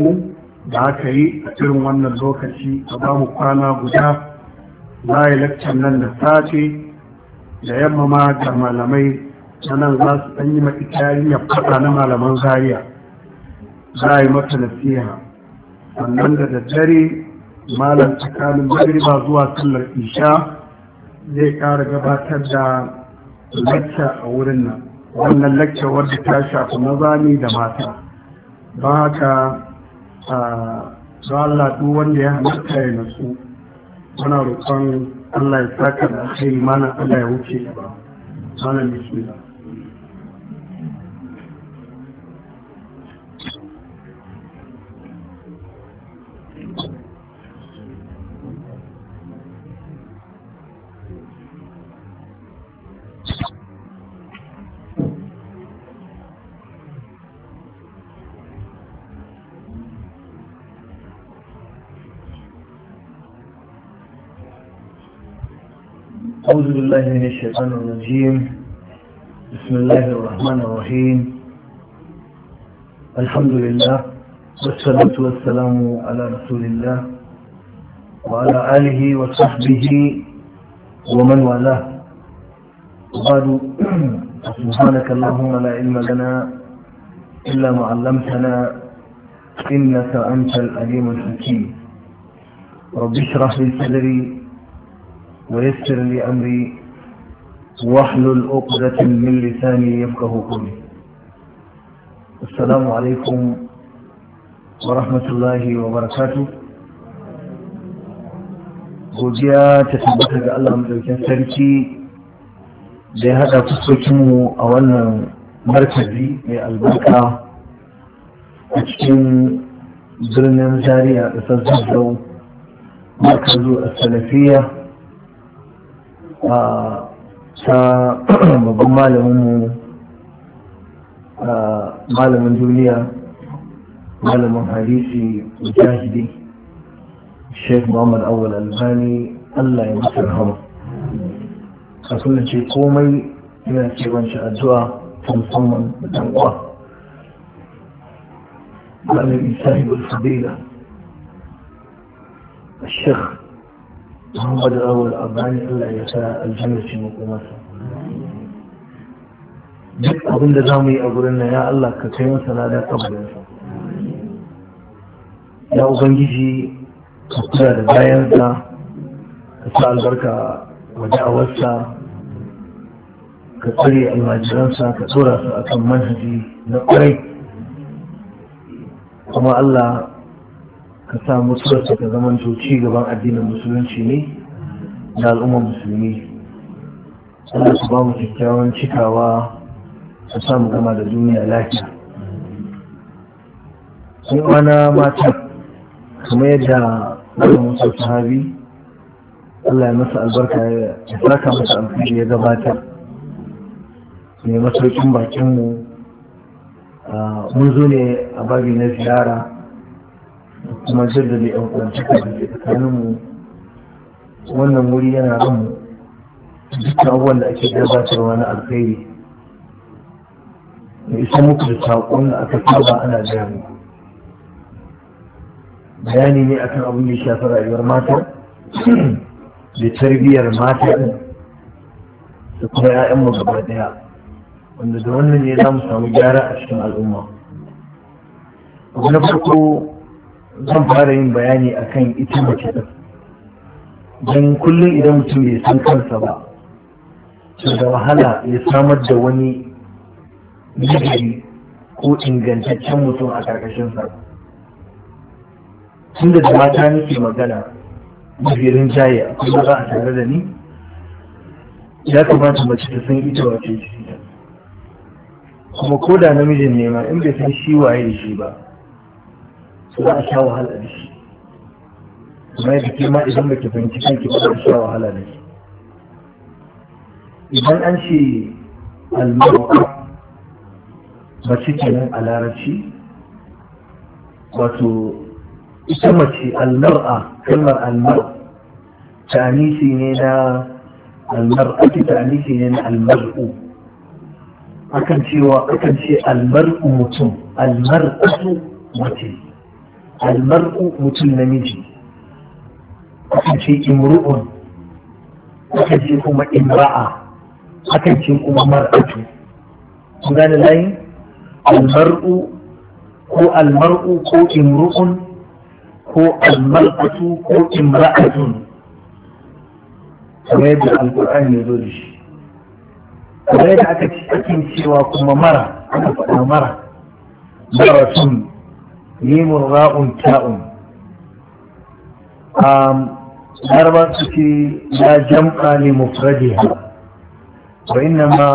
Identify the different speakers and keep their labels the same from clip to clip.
Speaker 1: mu da aka yi a cikin wannan lokaci a ba mu kwana guda za a yi laccan nan da sace da yamma ma ga malamai na nan za su ɗan yi mata yarinya faɗa na malaman zariya za a yi mata nasiha sannan da daddare malam tsakanin magriba zuwa sallar isha zai ƙara gabatar da lacca a wurin nan wannan lacca wadda ta shafi maza ne da mata ba haka su Allah duk wanda ya halatta ya nasu wana roƙon Allah ya saka da kai mana Allah ya wuce ba mana bismillah Thank you. أعوذ بالله من الشيطان الرجيم بسم الله الرحمن الرحيم الحمد لله والصلاة والسلام على رسول الله وعلى آله وصحبه ومن والاه وبعد سبحانك اللهم لا علم لنا إلا ما علمتنا إنك أنت العليم الحكيم رب اشرح لي صدري ويسر لي أمري واحلل عقدة من لساني يفقه قولي السلام عليكم ورحمة الله وبركاته godiya ta tabbata ga Allah madaukin sarki da ya haɗa fuskokinmu a wannan markazi mai albarka a cikin birnin zaria ƙasar zazzau markazu a salafiyya ta babban malaminmu malamin duniya malamin hadisi mujahidi sheikh muhammad awal albani allah ya mutu rahama a suna ce komai yana ce banci addu'a ta musamman da uwa malamin sahibul fadila الشيخ Muhammad Awul Abani Allah ya sa aljanna ce makomarsa. Duk abin da za mu yi a wurin nan ya Allah ka kai masa ladan kabarinsa. Ya Ubangiji ka kula da bayansa, ka sa albarka wa da'awarsa, ka tsare almajiransa, ka tsora su a manhaji na kwarai Kuma Allah ka sa ka ta zama ci gaban addinin musulunci ne da al'ummar musulmi Allah su ba mu kyakkyawan cikawa su sa mu gama da duniya lafiya sun wana mata kamar yadda Allah musa sahabi Allah ya masa albarka ya saka masa alfiji ya gabata? ne masaukin bakinmu mun zo ne a babi na ziyara kuma jaddada yan kwancika da ke tsakaninmu wannan wuri yana ranmu dukkan abubuwan da ake gabatarwa na alkhairi da isa muku da saƙon da aka saba ana gani bayani ne akan abin da shafi rayuwar mata da tarbiyyar mata da kuma 'ya'yanmu gaba daya wanda da wannan ne za mu samu gyara a cikin al'umma abu na farko zan fara yin bayani akan ita mace din don kullum idan mutum ya san kansa ba to da wahala ya samar da wani nagari ko ingantaccen mutum a sa. tun da mata nake magana jaye a kuma za a tare da ni ya kamata mace ta san ita wace shi kuma ko da namijin nema in bai san shi waye shi ba za a sha wahala da shi kuma yadda ke ma idan baki fahimci kanki ba za a sha wahala da shi idan an ce almar'a mace kenan a larabci wato ita mace almar'a kalmar almar ta'anisi ne na almar'a ta'anisi ne na almar'u akan cewa akan ce almar'u mutum almar'atu mace almar'u mutum namiji akan ce imru'un akan ce kuma imra'a akan ce kuma mar'atu kun gane layin almar'u ko almar'u ko imru'un ko almar'atu ko imra'atun kamar yadda alƙur'ani ya zo da shi kamar yadda aka cikin cewa kuma mara aka faɗa mara mara sun ميم راء تاء ام هر وقت لا جمع لمفردها وانما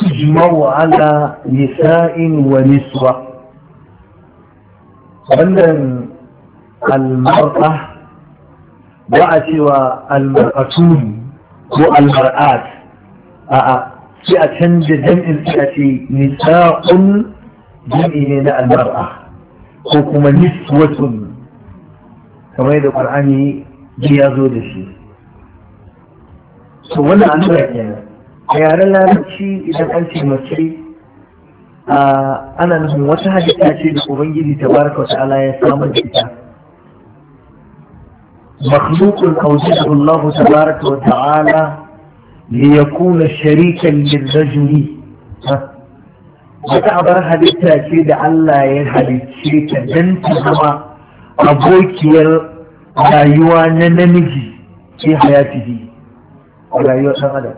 Speaker 1: تجمع على نساء ونسوة عندن المرأة وأتى المرأتون والمرآت فئة جمع الفئة نساء جمع المرأة ko kuma niswatun kamar da ƙwar'ani ji ya zo da shi
Speaker 2: To wannan an kenan
Speaker 1: a yaren larabci idan an ce mace ana nufin wata halitta ce da ubangiji ta baraka wa ta'ala ya samar da ita makhlukun awjadahu Allah baraka wa ta'ala liyakuna sharikan lirrajuli wata abar halitta ce da Allah ya halicce ta don ta zama abokiyar rayuwa na namiji hayati hayatihi a rayuwar ɗan adam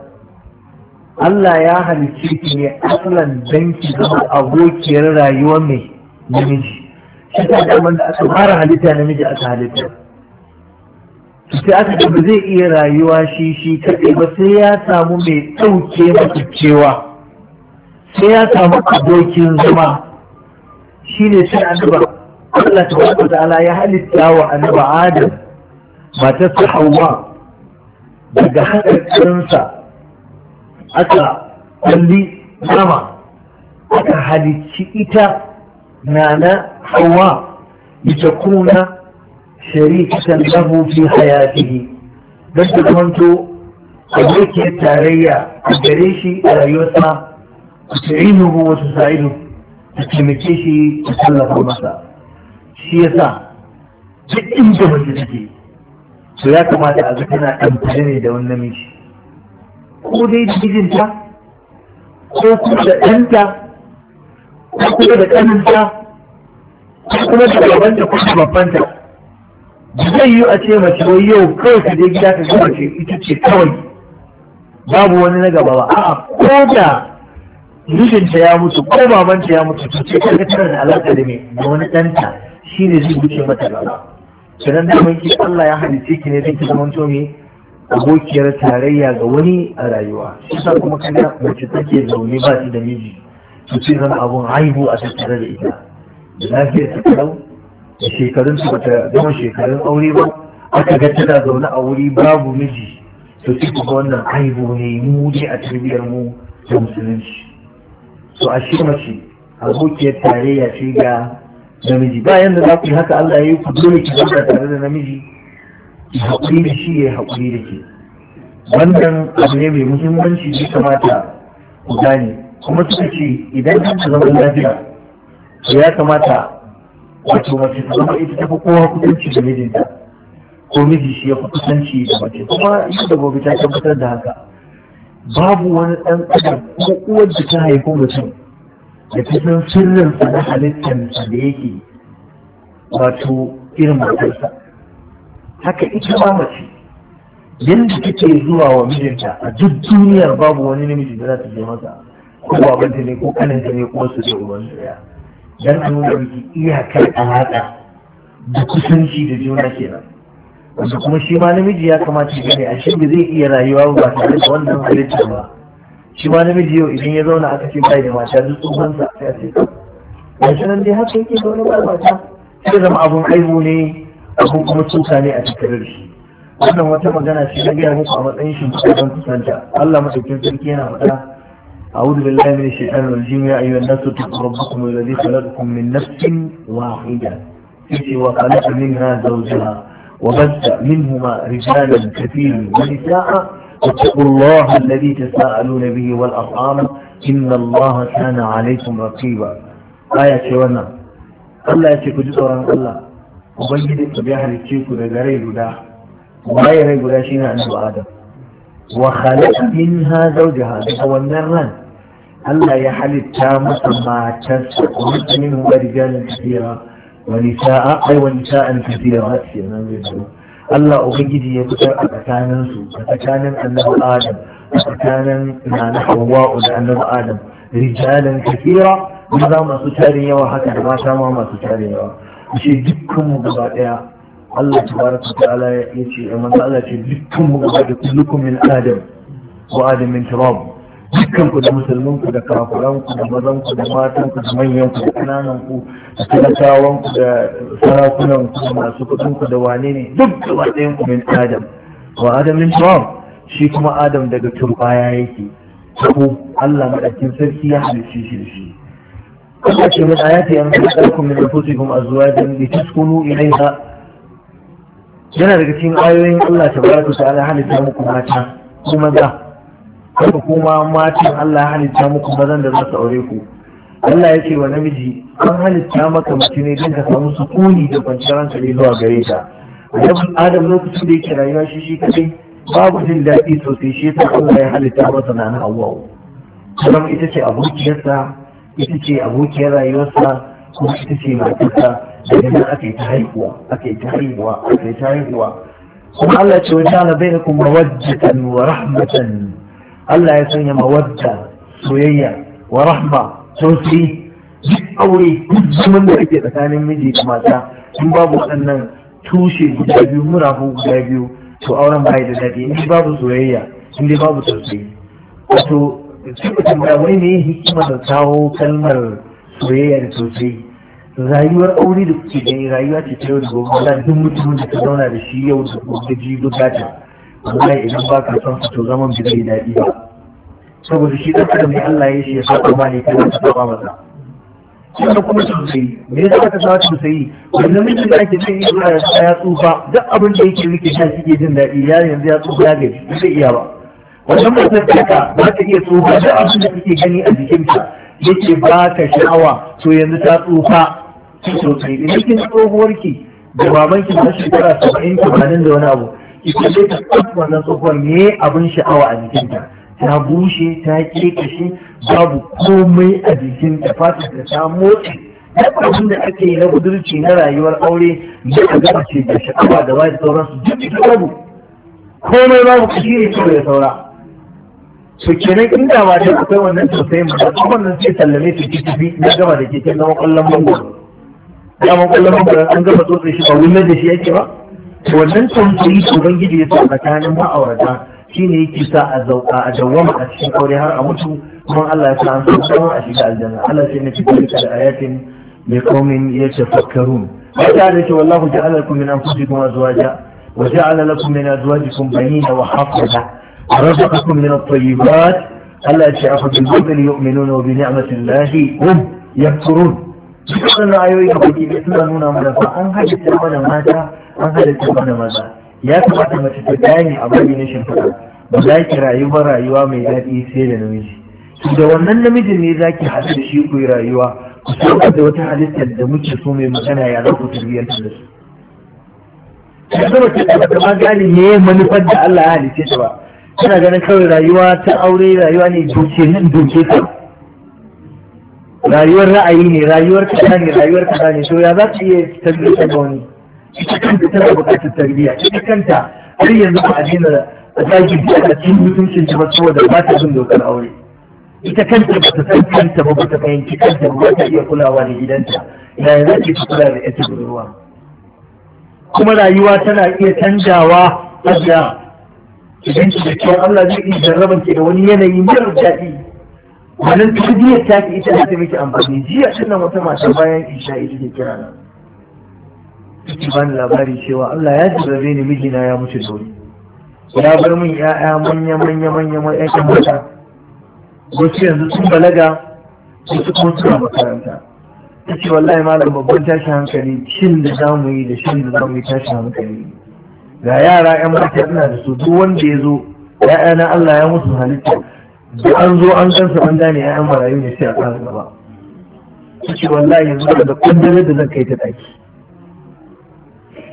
Speaker 1: Allah ya halicce ki ne asalan don ki zama abokiyar rayuwa mai namiji shi ta daman da aka fara halitta namiji aka halitta sai aka ce ba zai iya rayuwa shi shi kaɗai ba sai ya samu mai ɗauke masa cewa sai ya samu abokin zama shi ne sai annaba Allah ta wata ta'ala ya halitta wa annaba Adam matarsa hauwa. daga hankalinsa aka kalli nama, aka halicci ita nana Hawwa لتكون شريكة له في حياته بس tarayya, أبوك shi a الأيوسى Ku ta'inuhu wa ta'idu ta taimake shi ta tallafa masa shi yasa duk inda mace take to ya kamata a ga tana ɗan amfani ne da wani namiji ko dai da mijinta ko kuma da ɗanta ko kuma da ƙaninta ko kuma da babanta ko da babbanta zai yi a ce wai yau kawai ka je gida ka ga mace ita ce kawai babu wani na gaba ba a'a ko da mijinta ya mutu ko babanta ya mutu to ce kaga tare da alaƙa da me da wani ɗanta shine zai wuce mata gaba sanan da mun ki Allah ya halice ki ne zai ki zama me abokiyar tarayya ga wani a rayuwa shi sa kuma kaga mace take zaune ba ta da miji to ce zan abun haihu a tattare da ita da lafiyar ta kalau da shekarun su bata zama shekarun aure ba aka ga tana zaune a wuri babu miji to sai kuma wannan haihu ne mu dai a tarbiyyar mu da musulunci to a shi mace abokiyar tarayya ce ga namiji bayan da za ku yi haka Allah ya yi ku dole ki zauna tare da namiji ki haƙuri da shi ya haƙuri da ke wannan abu ne mai muhimmanci da kamata ku gane kuma suka ce idan kan ta zama lafiya to ya kamata wato mace ta zama ita ta fi kowa kusanci da mijinta ko miji shi ya fi kusanci da mace kuma yau da gobe ta tabbatar da haka babu wani ɗan adam ko uwar da ta haifi mutum da ta san sirrin na halittar da yake wato irin matarsa haka ita ma mace yadda ke zuwa wa mijinta a duk duniyar babu wani namiji da za ta je masa ko babanta ne ko kananta ne ko wasu da uban ya dan an nuna iyakar alaƙa da kusanci da juna kenan wasu kuma shi ma namiji ya kamata ya gane a shi zai iya rayuwa ba tare da wannan halittar ba shi ma namiji yau idan ya zauna aka ce bai da mata duk tsohonsa sai a ce yanzu nan dai haka yake zaune ba mata sai zama abun aibu ne abun kuma tuka ne a cikin shi wannan wata magana shi na gaya muku a matsayin shi don kusanta Allah madaukin sarki yana faɗa أعوذ بالله من الشيطان الرجيم يا أيها الناس اتقوا ربكم الذي خلقكم من نفس واحدة وخلق منها زوجها وبث منهما رجالا كثيرا ونساء واتقوا الله الذي تساءلون به والأرحام إن الله كان عليكم رقيبا آية شوانا الله يتكو جسورا الله وبيد الطبيعه لتشيكو لغري لدا وغير لدا شيء أنه آدم وخلق منها زوجها هو الران الله يحل التامة ما تسق منه رجالا كثيرا ونساء أي ونساء كثيرات الله أبجدي يبتر أتكانا سوء أتكانا أنه آدم أتكانا ما نحو واء أنه آدم رجالا كثيرا ماذا ما ستاري وحكا ما شاما ما ستاري وشي دكم بغائع الله تبارك وتعالى يشي من الله يشي دكم بغائع كلكم من آدم وآدم من تراب dukkanku da musulmanku da kafuranku da mazanku da matanku da manyanku da kanananku da talakawanku da sarakunanku da masu kuɗinku, da wane ne duk gaba ɗayanku min adam wa adam min tuwam shi kuma adam daga turbaya yake ko Allah maɗakin sarki ya halicce shi da shi Allah ce min ayati an khalaqakum min anfusikum azwajan litaskunu ilayha yana daga cikin ayoyin Allah tabaraka ta'ala halitta muku mata kuma da. kuma kuma matan Allah halitta muku mazan da za su aure ku Allah ya ce wa namiji an halitta maka mace ne don ka samu sukuni da kwanciyar hankali zuwa gare ta Adam Adam lokacin da yake rayuwa shi shi kaɗai, babu jin daɗi sosai shi yasa Allah ya halitta masa na Hawwa kuma ita ce abokiyarsa ita ce abokiyar rayuwarsa kuma ita ce matarsa da nan aka yi ta haihuwa aka yi ta haihuwa aka yi ta haihuwa kuma Allah ce wajen ala bainakum wa rahmatan Allah ya sanya mawadda soyayya wa rahma sosai duk aure duk zaman da ake tsakanin miji da mata in babu waɗannan tushe guda biyu murafu guda biyu to auren bai da daɗi in babu soyayya in dai babu sosai wato sai da wai ne hikima da kawo kalmar soyayya da sosai rayuwar aure da kuke gani rayuwa ce ta yau da gobe duk mutumin da ta zauna da shi yau da gobe ji gudata wallahi idan ba ka son to zaman bi zai daɗi ba saboda shi ɗan adam mai Allah ya shi ya saka ba ne kai wata saba shi ne kuma sai me yasa ka sa sai wanda mijin da ake jin iya ya tsufa duk abin da yake rike shi suke jin daɗi ya yanzu ya tsufa ya gaji ba zai iya ba wannan mutum ka ba ta iya tsufa da abin da kake gani a ka yake ba ka sha'awa to yanzu ta tsufa sosai idan kin tsohuwarki da babanki na shekara saba'in tamanin da wani abu ita ce ta kasuwa na tsohuwar ne abin sha'awa a jikinta ta bushe ta kekashe babu komai a jikinta fata ta ta motsi duk abin da ake yi na budurci na rayuwar aure da a gaba ce da sha'awa da wani sauransu duk ita babu komai babu kashi ne kawai da saura su kenan inda ba dai akwai wannan sosai mu da wannan sai sallame su ki tafi na gaba da ke kan zama kwallon mangoro dama kwallon mangoro an gaba tsotse shi ba wunan da shi yake ba wannan tambayi ubangiji ya sa tsakanin ma'aurata shine yake sa a zauka a dawwama a cikin aure har a mutu kuma Allah ya sa an san a shiga aljanna Allah sai ne cikin da ayatin mai qaumin yatafakkarun wata da ke wallahu ja'ala lakum min anfusikum azwaja wa ja'ala lakum min azwajikum banina wa hafaza ورزقكم من الطيبات ألا يتشعف بالبطل يؤمنون وبنعمة الله هم يكفرون. شكرا لأيوه يقول إن إسلامنا مدفع أنها جدا mata. an halitta mana maza ya kamata mace ta gane a bari na shimfiɗa ba za ki rayu ba rayuwa mai daɗi sai da namiji da wannan namijin ne za ki haɗu da shi ku yi rayuwa ku saukar da wata halittar da muke so mai magana ya za ku ta da su yanzu mace da bata ma gane me manufar da Allah ya halitta ta ba tana ganin kawai rayuwa ta aure rayuwa ne doke nan doke ta rayuwar ra'ayi ne rayuwar kaza ne rayuwar kaza ne to ya za ta iya tabbatar da wani ita kanta tana buƙatar tarbiyya ita kanta har yanzu ba a daina zagin ta a cikin mutuncin ta ba saboda ba ta bin dokar aure ita kanta ba ta san kanta ba ba ta fahimci kanta ba ta iya kulawa da gidanta yaya za ta kula da ita budurwa kuma rayuwa tana iya canjawa hajiya idan ki da kyau Allah zai iya jarraban ki da wani yanayi mara daɗi wannan tarbiyyar ta ita ita ta miki amfani jiya tana wata mata bayan isha ita ke kira suke ba ni labari cewa Allah ya zai ni mijina ya mutu da wuri ya bar min ya'ya manya manya manya manya ƴaƴan mata wasu yanzu sun balaga wasu kuma suna makaranta ta ce wallahi malam babban tashi hankali shin da za mu yi da shin da za mu yi tashi hankali ga yara ƴan mata ina da su duk wanda ya zo ya'ya na Allah ya mutu halitta da an zo an gansa an gane ya'yan marayu ne sai a ƙara gaba ta ce wallahi yanzu da kundin da zan kai ta ɗaki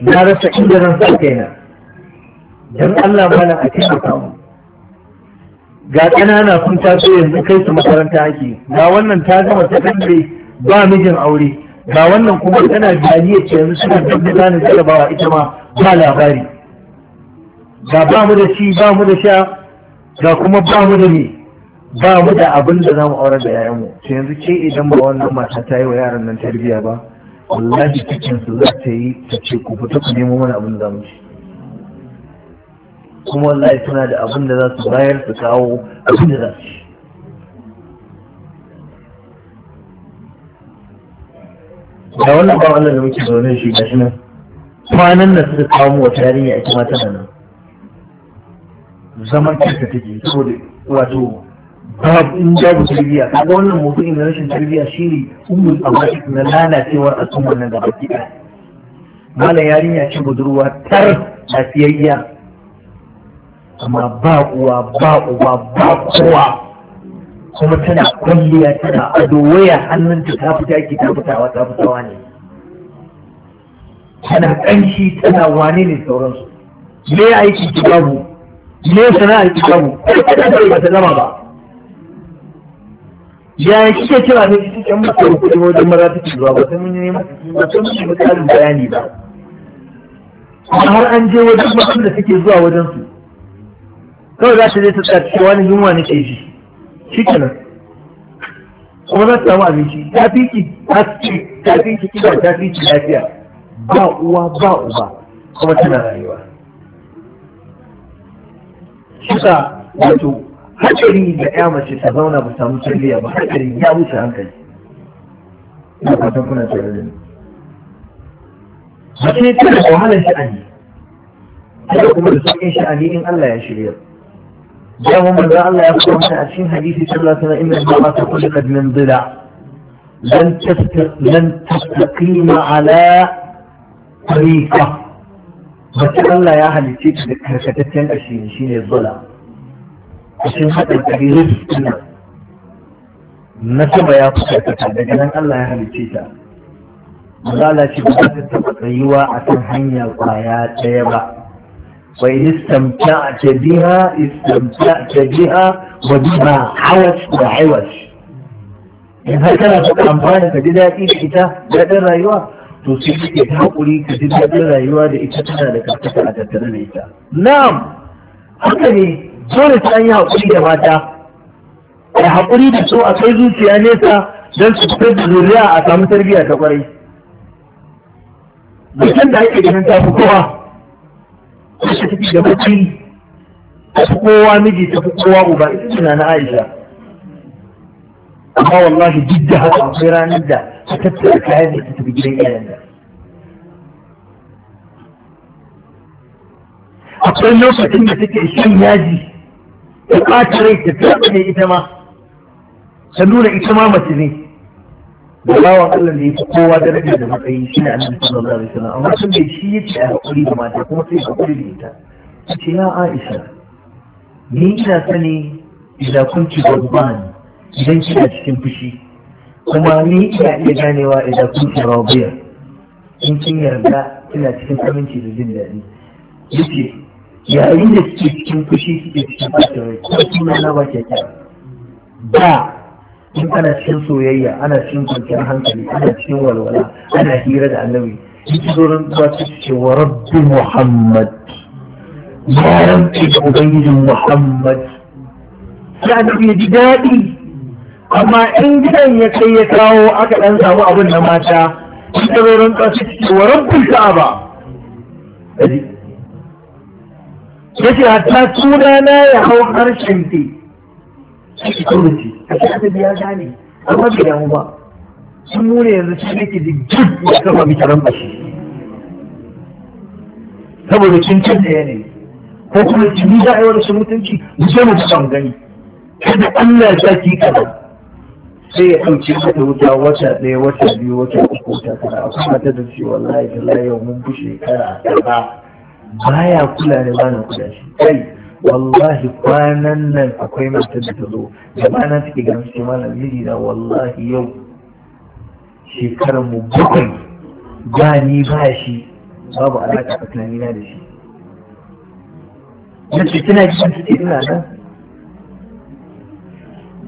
Speaker 1: na rasa inda zan sa kaina don Allah malam a taimaka ga ƙanana sun taso yanzu kai su makaranta ake ga wannan ta gama ta kande ba mijin aure ga wannan kuma tana jariya ce yanzu suna tabbata ne jarabawa ita ma ba labari ga ba mu da shi ba mu da sha ga kuma ba mu da ne ba mu da abin da za mu aurar da 'ya'yanmu sai yanzu ce idan ba wannan mata ta yi wa yaran nan tarbiyya ba wallahi cikin su za ta yi ta ce ku fita ku nemo mana abin da mu ci kuma wallahi suna da abin da za su bayar su kawo abin da za su da wannan ba wannan da muke zaune shi gashi nan kwanan da suka kawo mu wata yarinya ita ma tana nan zaman kanta take saboda wato babu in babu tarbiyya kaga wannan mutum da rashin tarbiyya shine ummul awaki na lalacewar al'ummar nan gaba ki malam yarinya ce budurwa tar lafiyayya amma ba uwa ba uba ba kowa kuma tana kwalliya tana ado waya hannunta ta fita ake ta fitawa ta fitawa ne tana kanshi tana wane ne sauransu me aiki ki babu me sana'ar ki babu ba ta zama ba Yaya kike kira ne cikin masa kuɗi wajen maza take zuwa ba sai mun yi ba sai mun yi misalin bayani ba kuma har an je wajen matan da suke zuwa wajen su kawai za ta je ta tsaya wani ni yunwa ke ji shi kuma za ta samu abinci ta fi ki haske ta fi ki kiba ta fi ki lafiya ba uwa ba uba kuma tana rayuwa shi sa wato hadari da ya mace ta zauna ba samu tarbiyya ba hadari ya wuce hankali ina fatan kuna tare da ni mace tana da wahalar sha'ani haka kuma da sauƙin sha'ani in Allah ya shirya dama manzo Allah ya fara mana a cikin hadisi sallallahu alaihi wasallam inna ma taqulu min dhila lan lan tastaqima ala tariqa mace Allah ya halicce ta da karkataccen ƙashi shine zula cikin haɗin ɗari rizki nan na sama ya fi karkata daga nan Allah ya halice ta Allah ce ba ta taɓa tsayuwa a kan hanya ƙwaya ɗaya ba wai istamta a ta biha istamta a ta biha wa biha hawas da hawas in har kana so amfani ka ji daɗi da ita daɗin rayuwa to sai kake ta haƙuri ka ji daɗin rayuwa da ita tana da karkata a tattare da ita na'am haka ne dole sai yi haƙuri da mata da haƙuri da su a kai zuciya nesa don su fitar da zuriya a samu tarbiyya ta kwarai mutum da ake ganin ta fi kowa ko shi tafi da bacci ta fi kowa miji ta fi kowa uba ita suna na aisha amma wallahi duk da haka akwai ranar da ta tattara kayan da ta tafi gidan iyayen da akwai lokacin da take shan yaji ta ɓata rai ta taɓa ita ma ta nuna ita ma mace ne da bawan Allah da ya fi kowa daraja da matsayi shi ne annabi sallallahu alaihi wasallam amma sun bai shi yace a hakuri da mata kuma sai hakuri da ita ta ce ya Aisha ni ina sani idan kun ci gurban idan kina cikin fushi kuma ni ina iya ganewa idan kun ci rabiya in kin yarda kina cikin aminci da jin daɗi yace yayin da suke cikin fushi suke cikin ɓacin rai ko suna na ba ke ba in ana cikin soyayya ana cikin kwanciyar hankali ana cikin walwala ana hira da annabi in ci zoron ba su ce wa rabbi muhammad ya rantsi da ubangijin muhammad Ya annabi ya ji daɗi amma in gidan ya kai ya kawo aka ɗan samu abin na mata in ci zoron ba su ce wa rabbi ka'aba yace hatta suna na ya hau harshen ti shi wuce a shi aka biya gane amma bai damu ba sun nuna yanzu shi ke da duk ya kafa miki ramba shi saboda kin da yanayi ko kuma tuni za a yi wani sun mutunci mu je mu san gani kada Allah ya sa ki kaza sai ya ɗauke ta da wuta wata ɗaya wata biyu wata uku wata tara a kuma ta da ce wallahi ta yau mun bushe kara ba. baya kula ne ba na kula shi kai wallahi kwanan nan akwai mata da ta zo da bana take ganin su malam miji na wallahi yau shekarar mu bakwai ba ni ba shi babu alaƙa tsakani na da shi na ce tana jikin su ina nan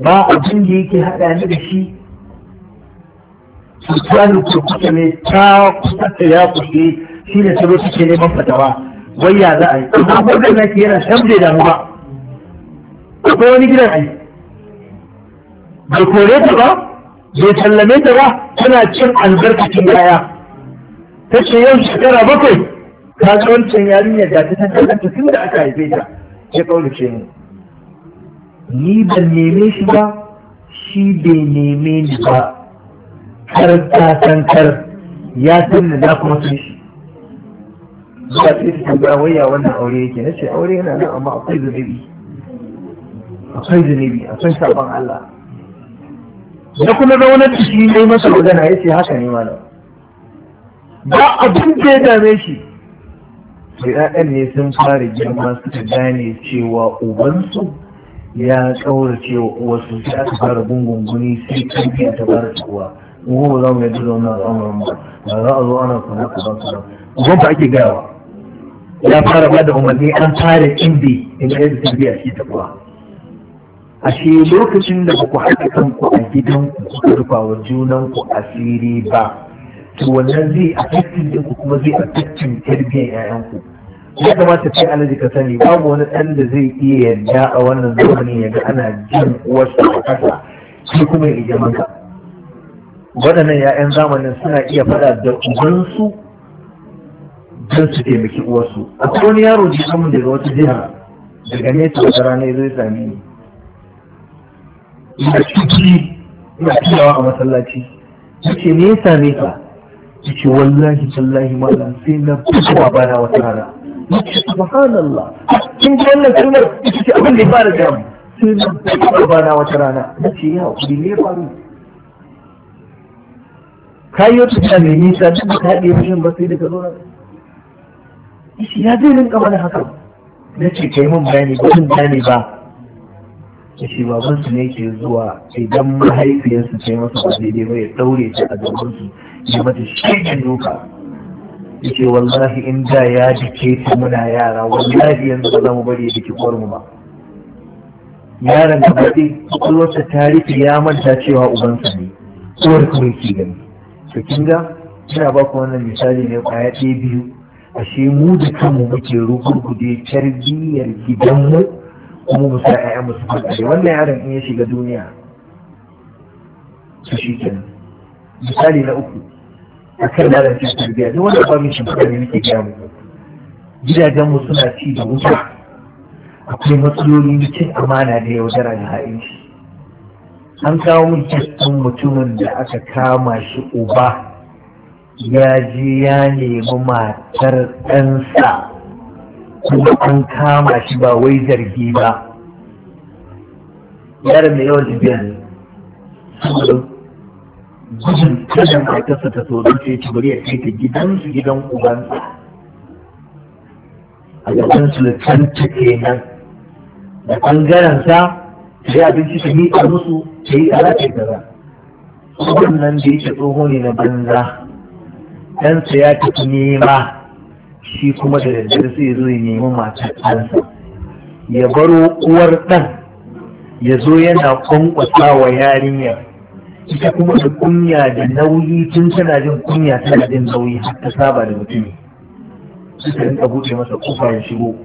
Speaker 1: ba abin da yake haɗa ni da shi su tsani kusa ne ta kusa ta ya kushe shi ne ta zo suke neman fatawa wai ya za a yi amma farkon ke yana shan bai damu ba akwai wani gidan ai bai kore ta ba bai tallame ta ba tana cin albarkacin yaya ta ce yau shekara bakwai ta ga wancan yarinya da ta tantar ta tun da aka haife ta ya kaurace mu ni ban neme shi ba shi bai neme ni ba har ta kar ya san da na kuma shi zuwa sai su tambaya waya wannan aure yake na ce aure yana nan amma akwai zunubi akwai zunubi akwai sabon Allah da kuma zaunar da shi ne masa magana ya ce haka ne malam ba abin da ya dame shi sai ɗaɗan ne sun fara girma suka gane cewa ubansu ya tsaura cewa uwarsu sai aka fara gungunguni sai kan biya ta fara tsawa mu ba za mu yadda da wannan al'amuran ba ba za a zo ana kuma kuma kuma wanda ake gayawa ya fara ba da umarni an fara indi in ya yi tambi a cikin tabuwa a shi lokacin da ku haɗa kanku a gidan ku rufa wa junan ku asiri ba to wannan zai a tattin ku kuma zai a tattin tarbiyyar ƴaƴan ku ya kamata sai alaji ka sani babu wani ɗan da zai iya yarda a wannan zamanin ya ga ana jin wasu a kasa sai kuma ya iya maka waɗannan 'ya'yan zamanin suna iya faɗa da ubansu don su taimaki uwarsu a wani yaro ji samun daga wata jiha daga nesa wata rana zai sami ni ina ciki ina tunawa a masallaci suke nesa ya same ka wallahi sallahi malam sai na fito a bana wata rana yace subhanallah kin ji wannan kalmar suke abin da ya fara jamu sai na fito a bana wata rana yace ya hakuri ne ya faru kayi wata tafiya mai nisa duk da ta haɗe wajen ba sai daga zo ya zai rinka mana haka na ce kai mun bayani ba mun bayani ba da babansu ne ke zuwa idan mahaifiyarsu ce masa ba daidai ba ya daure ta a gabansu ya mata shegen doka. ya ce wallahi in da ya dike ta muna yara wallahi yanzu ba za mu bari ya jike mu ba yaron da baɗi kwakwalwarsa ta rufe ya manta cewa ubansa ne uwar kawai ke gani to kin ga ina ba ku wannan misali ne kwaya ɗaya biyu ashe mu da kanmu muke rugurgude tarbiyyar gidanmu kuma mu sa ƴaƴan mu su wannan yaron in ya shiga duniya su shi ke misali na uku a kan lalacin tarbiyya ne wanda ba mu shi fada ne muke gaya mu Gidajenmu suna ci da wuta akwai matsaloli cin amana da yaudara da ha'inci an kawo mun kyastin mutumin da aka kama shi uba ya ji ya nemi matar ɗansa kuma an kama shi ba wai zargi ba yaron da yawan jibiya ne saboda gudun kada matarsa ta so don sai bari ya kai ta gidan gidan ubansa a gaban sultanta kenan da ɓangaren sa sai abinci ta miƙa musu ta yi kaza ta yi kaza wannan da yake tsoho ne na banza ɗansa ya tafi nema shi kuma da daddare sai zo ya nemi matar ɗansa ya baro uwar ɗan ya zo yana kwankwasa wa yarinyar ita kuma da kunya da nauyi tun tana jin kunya tana jin nauyi har ta saba da mutumi suka rinka buɗe masa kofa ya shigo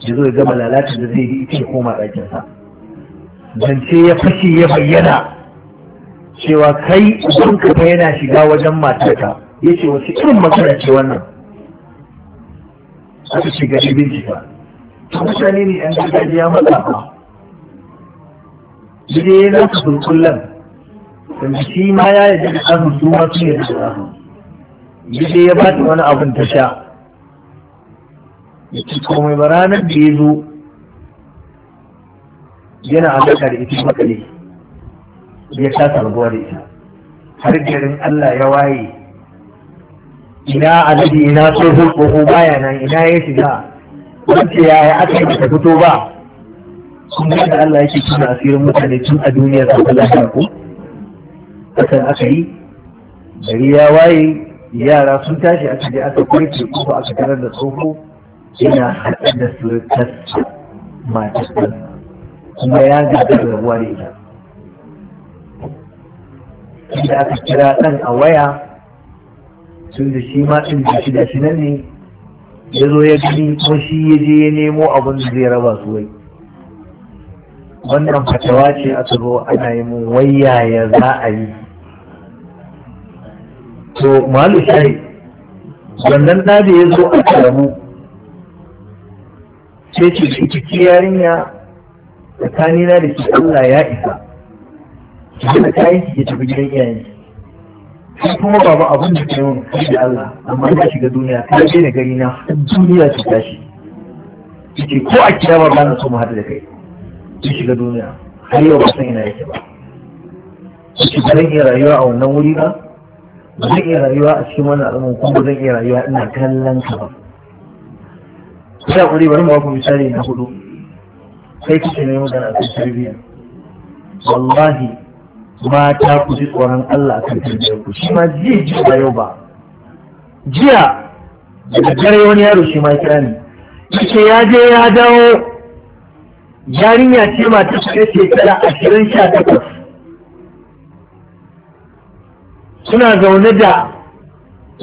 Speaker 1: ya zo ya gama lalata da zai yi ita ya koma ɗakinsa zance ya fashe ya bayyana cewa kai ubanka fa yana shiga wajen matarka ya ce wasu irin magana ce wannan aka ce gashi bincika ta mutane ne yan gargajiya matsafa jide ya na su kulkullan da shi ma ya yi da asu su ma su ne da ba. shi ya ba ta wani abin ta sha ya ci komai ba ranar da ya zo yana alaƙa da ita makale ya kasa rabuwa da ita har garin Allah ya waye ina annabi ina tsoho tsoho baya nan ina ya shiga wacce yi aka yi ta fito ba kun da Allah yake tuna asirin mutane tun a duniya ta kula da ku akan aka yi gari ya waye yara sun tashi aka je aka kurce kofa aka tarar da tsoho yana haɗar da surutar matar kuma ya gada da rabuwa da ita inda aka kira ɗan a waya tun da shi ma da shi da shi nan ne ya zo ya gani ko shi ya je ya nemo abin da zai raba su wai wannan fatawa ce aka zo ana yi mun ya za a yi to malu shari wannan da da ya zo a rabu sai ce da ita yarinya tsakanina da ke Allah ya isa ki gina kayan ki tafi gidan iyayenki sai kuma babu abin da ke yi da Allah amma ya shiga duniya ta je da gari na duniya ta tashi yace ko a kiyama ba na so mu haɗu da kai ya shiga duniya har yau ba san ina yake ba yace ba zan iya rayuwa a wannan wuri ba ba zan iya rayuwa a cikin wannan al'amun kuma ba zan iya rayuwa ina kallon ka ba sai hakuri bari mu ba misali na hudu sai kike ne magana a kan tarbiyya wallahi mata ku ji tsoron Allah a kan tarbiyyar ku shi ma jiya ji ba yau ba jiya da dare wani yaro shi ma kira ni yace ya je ya dawo yarinya ce ma ta ce tara ashirin sha takwas suna zaune da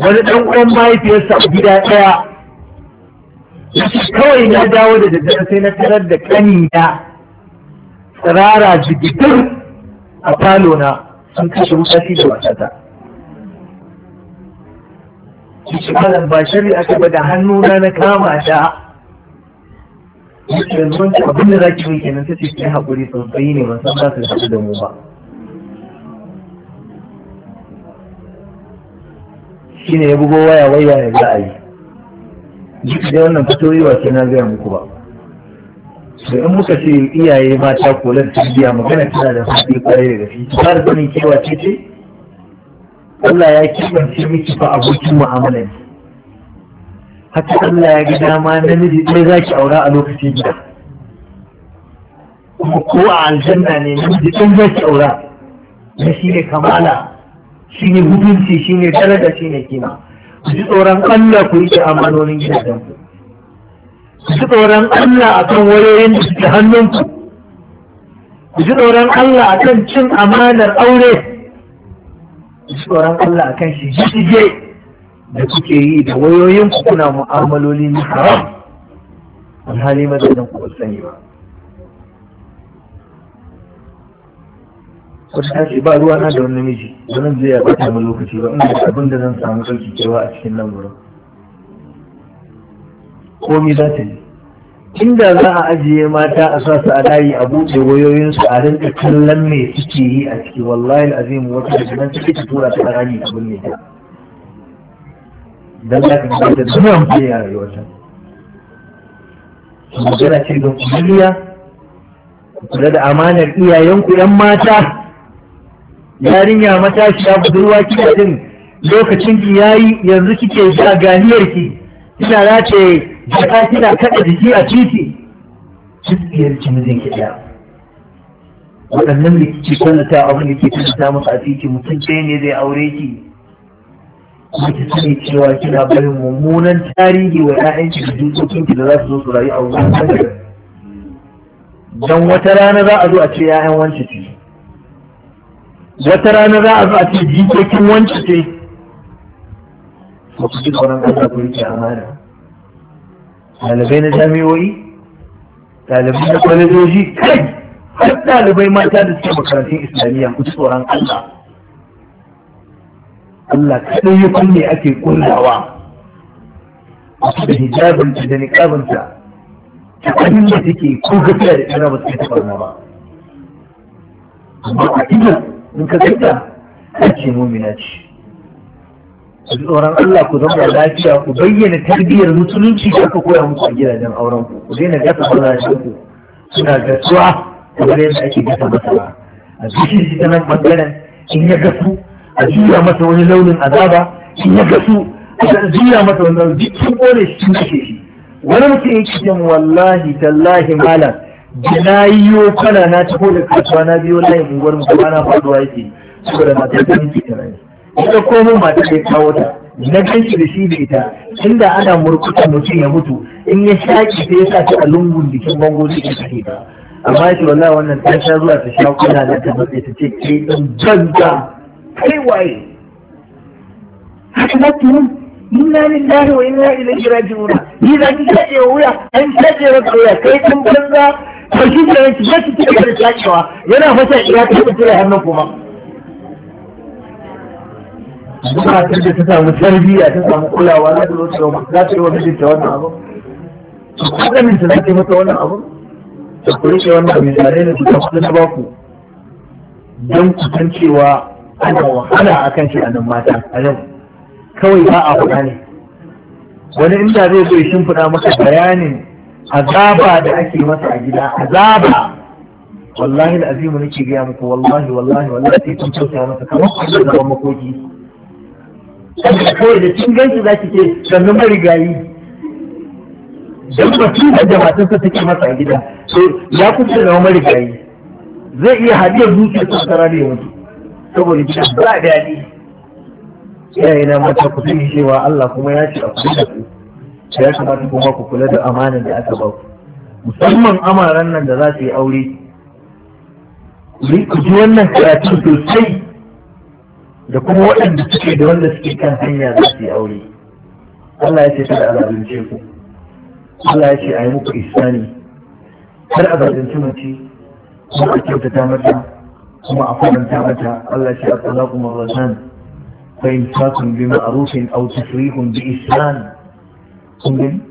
Speaker 1: wani ɗan uwan mahaifiyarsa a gida ɗaya kawai na dawo da daddare sai na tarar da kanina tsirara jigidin a falo na sun kashe wuta da ta. shi malam ba shari aka bada hannuna na kama ta yanzu wancan abin da za ki yi kenan ce ki haƙuri sosai ne ban san za su tafi da mu ba ne ya bugo waya waya ya za a yi duk da wannan fito yi wa na zai muku ba to in muka ce iyaye mata kolar tarbiya magana tana da faɗi kwarai da gaske ba da sanin kewa ce ce Allah ya kibance miki fa abokin mu'amala ne haka Allah ya ga dama namiji ɗaya za ki aura a lokaci gida kuma ko a aljanna ne namiji ɗan za ki aura na shi ne kamala shi ne hukunci shi ne daraja shi ne kima ji tsoron Allah ku yi amanonin gidajenku ji tsoron Allah a kan wayoyin da suke hannunku ku ji tsoron Allah a kan cin amanar aure ku ji tsoron Allah a kan shige da kuke yi da wayoyinku kuna mu'amaloli na haram hali madadin ku sani ba wata ta ce ba ruwa na da wani namiji wani zai ya ɓata mu lokaci ba ina da abin da zan samu sauki cewa a cikin nan wurin komi za ta yi inda za a ajiye mata a sa su a layi a buɗe wayoyinsu a rinka kallon me suke yi a ciki wallahi azim wata da nan suke ta tura ta rani a bunne ta dan za ka ga da zuwan fiye a rayuwarta magana ce don kuliya kula da amanar iyayenku yan mata yarinya matashiya budurwa kika jin lokacin ki yayi yanzu kike ga ganiyar ki kina za da kina kada jiki a titi cikiyar jimizin ki ɗaya waɗannan da kwanza ta abu da ke ta masu a titi mutum ɗaya ne zai aure ki kuma ki sani cewa kina barin mummunan tarihi wa ƴaƴanki da ki da za su zo su rayu a wurin kanki don wata rana za a zo a ce ƴaƴan wance ce wata rana za a zo a ce jikokin wance ce ba ku ji tsoron Allah ku rike amana ɗalibai na jami'o'i ɗalibai na kwalejoji kai har ɗalibai mata da suke makarantun islamiyya ku tsoron Allah Allah kaɗai ya kunne ake kullawa wasu da hijabinta da niƙabinta ta ƙanin da take ko gafiya da ƙira ba su yi ba amma a ido in ka gaita ta ce mumina ce su tsoron Allah ku zama lafiya ku bayyana tarbiyyar musulunci da aka koya muku a gidajen auren ku ku daina gasa mazashin ku suna gasuwa kamar yadda ake gasa masara a cikin shi ta nan bangaren in ya gasu a juya masa wani launin azaba in ya gasu a juya masa wani launin jikin kone shi cikin shi wani mutum ya ce jan wallahi tallahi malam na yiwo kana na ta da kasuwa na biyo layin unguwar mu kuma na faduwa yake saboda matar ta nake tunani ya ko mata da kawo ta na ganci da shi da ita inda ana murkuta mutum ya mutu in ya shaki sai ya sa ta a lungun jikin bango da ke take ta amma ya ce wallahi wannan ta sha zuwa ta sha kula na ta matsayi ta ce ke in banza kai waye haka za ta yi inna lillahi wa inna ilaihi raji'un ni za ki kaje wuya an kaje wuya kai tun banza ko shi ne ya ki ga ki ci gaba da yana fasa iya ta tsira hannun kuma matar da ta samu tarbiyya ta samu kulawa za ta zo za ta yi wa mijinta wannan abu hakanin ta za ta yi mata wannan abu da ku rike wannan misalai da suka kusa na baku don ku san cewa ana wahala a kan shi a nan mata a yau kawai ba a faɗa ne wani inda zai zo shin faɗa maka bayanin azaba da ake masa a gida azaba wallahi da azimu nake gaya muku wallahi wallahi wallahi sai kun tausaya masa kamar kun zama makoki kawai da cin ganci za ki ce sannan marigayi don ba su da matarsa take masa gida to ya kusa da marigayi zai iya hadiyar zuciyar sassara da ya mutu saboda gida ba daɗi iyaye na mata ku sani cewa Allah kuma ya ce a kula da ku ya kamata kuma ku kula da amanar da aka ba ku musamman amaran nan da za su yi aure ku ji wannan karatu sosai da kuma waɗanda suke da wanda suke kan hanya za su yi aure Allah ya ce kada a zalunce ku Allah ya ce a yi muku isani kar a zalunci mace kuma a kyautata mata kuma a faranta mata Allah ya ce a tsala kuma razan fa in kun bi ma'rufin aw tasrihun bi ihsan kun gani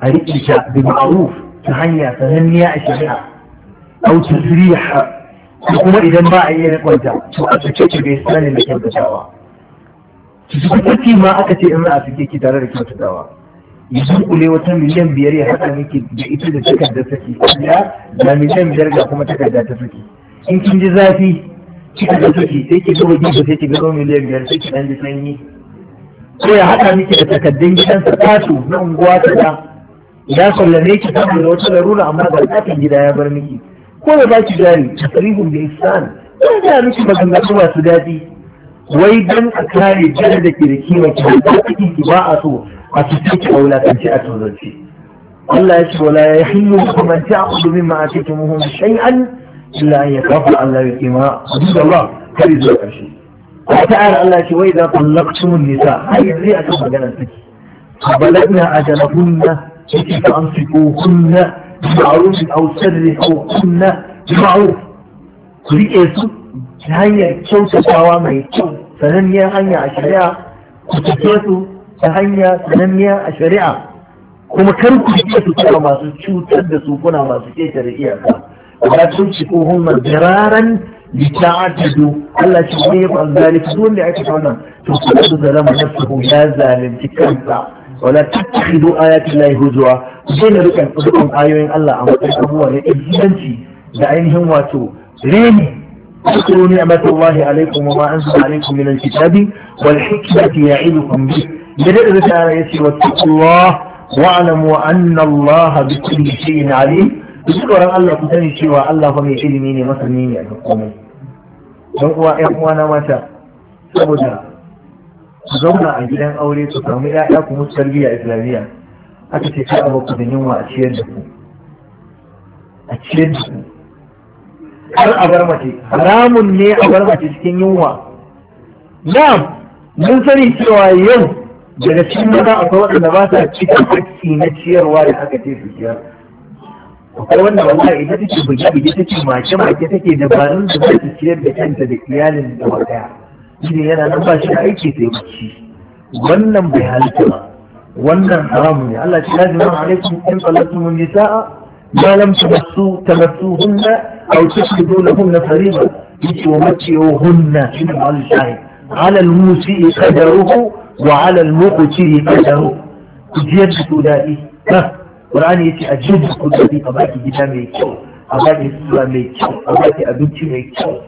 Speaker 1: a riƙe ta bi ma'ruf ta hanya sananniya a shari'a aw tasriha ko kuma idan ba a yi rikonta to a sake ki bai sanin da kyautatawa ki ma aka ce in za a sake ki tare da kyautatawa yanzu kule wata miliyan biyar ya haɗa miki da ita da takarda saki ya da miliyan biyar ga kuma takarda ta saki in kin ji zafi kika da saki sai ki ga wajen sai ki ga miliyan biyar sai ki dan ji sanyi ko ya haɗa miki da takardun gidansa tasu na unguwa ta da ya sallame ki da wata larura amma ga ɗakin gida ya bar miki ko ya baki jari tarihun da ihsan dan da miki maganganu masu dadi wai dan a kare jari da ke da kima ki da kike ba a so a cikin ki aula kan ci a tozarci Allah ya ce wala yahillu lakum an ta'khudhu mimma atitumuhum shay'an illa an yakhafu an la yuqima hudud Allah kare zuwa karshe ta'ala Allah ya ce wai da tallaqtumun nisa ai zai a kan maganar take فبلغنا أجلهن فأمسكوهن بمعروف أو سر أو سنة بمعروف كريئة ta hanyar kyautatawa mai kyau sananniya hanya a shari'a ku cike su ta hanya sananniya a shari'a kuma kar ku cike su a masu cutar da su kuna masu ketare iyaka wala tun ci kohon maziraran bi ta'addu Allah shi ne ya ban zalika duk wanda aka kawo nan to kuma da zalama nafsuhu ya zalunci kansa wala ya ayati llahi huzwa dena rukan rukan ayoyin Allah a matsayin abubuwa na ibadanci da ainihin wato reni tukuru ni amata Allah alaikum wa ma anzala alaikum min alkitabi wal hikmati ya'idukum bi dena da ta ya ce wa Allah wa alamu anna Allah bi kulli shay'in alim dukkan Allah ku sani cewa Allah fa mai ilimi ne masani ne a dukkan mu don ƴan uwana mata saboda ku zauna a gidan aure ku samu ya'ya ku mutu tarbiyya islamiyya aka ce ta abu ku da yunwa a ciyar da ku a ciyar da ku har a bar mace haramun ne a bar mace cikin yunwa na'am mun sani cewa yau daga cikin maza akwai waɗanda ba sa cikin haƙƙi na ciyarwa da aka ce su ciyar akwai wanda a ita take buge-buge take mace-mace take dabarun da ba ta ciyar da kanta da iyalin da wata idan yana nan ba shi da aiki sai bacci wannan bai halitta ba wannan haram ne Allah ya ce lazima alaikum in salatumun nisaa ma lam tamassu tamassuhunna aw tushridu na fariida yace wa maciyohunna shi ne ma'al shahid ala al-musi'i qadaruhu wa ala al-muqtiri qadaruhu kujiyar da su daɗi Qur'ani yace a jiyar da su daɗi a baki gida mai kyau a baki sura mai kyau a baki abinci mai kyau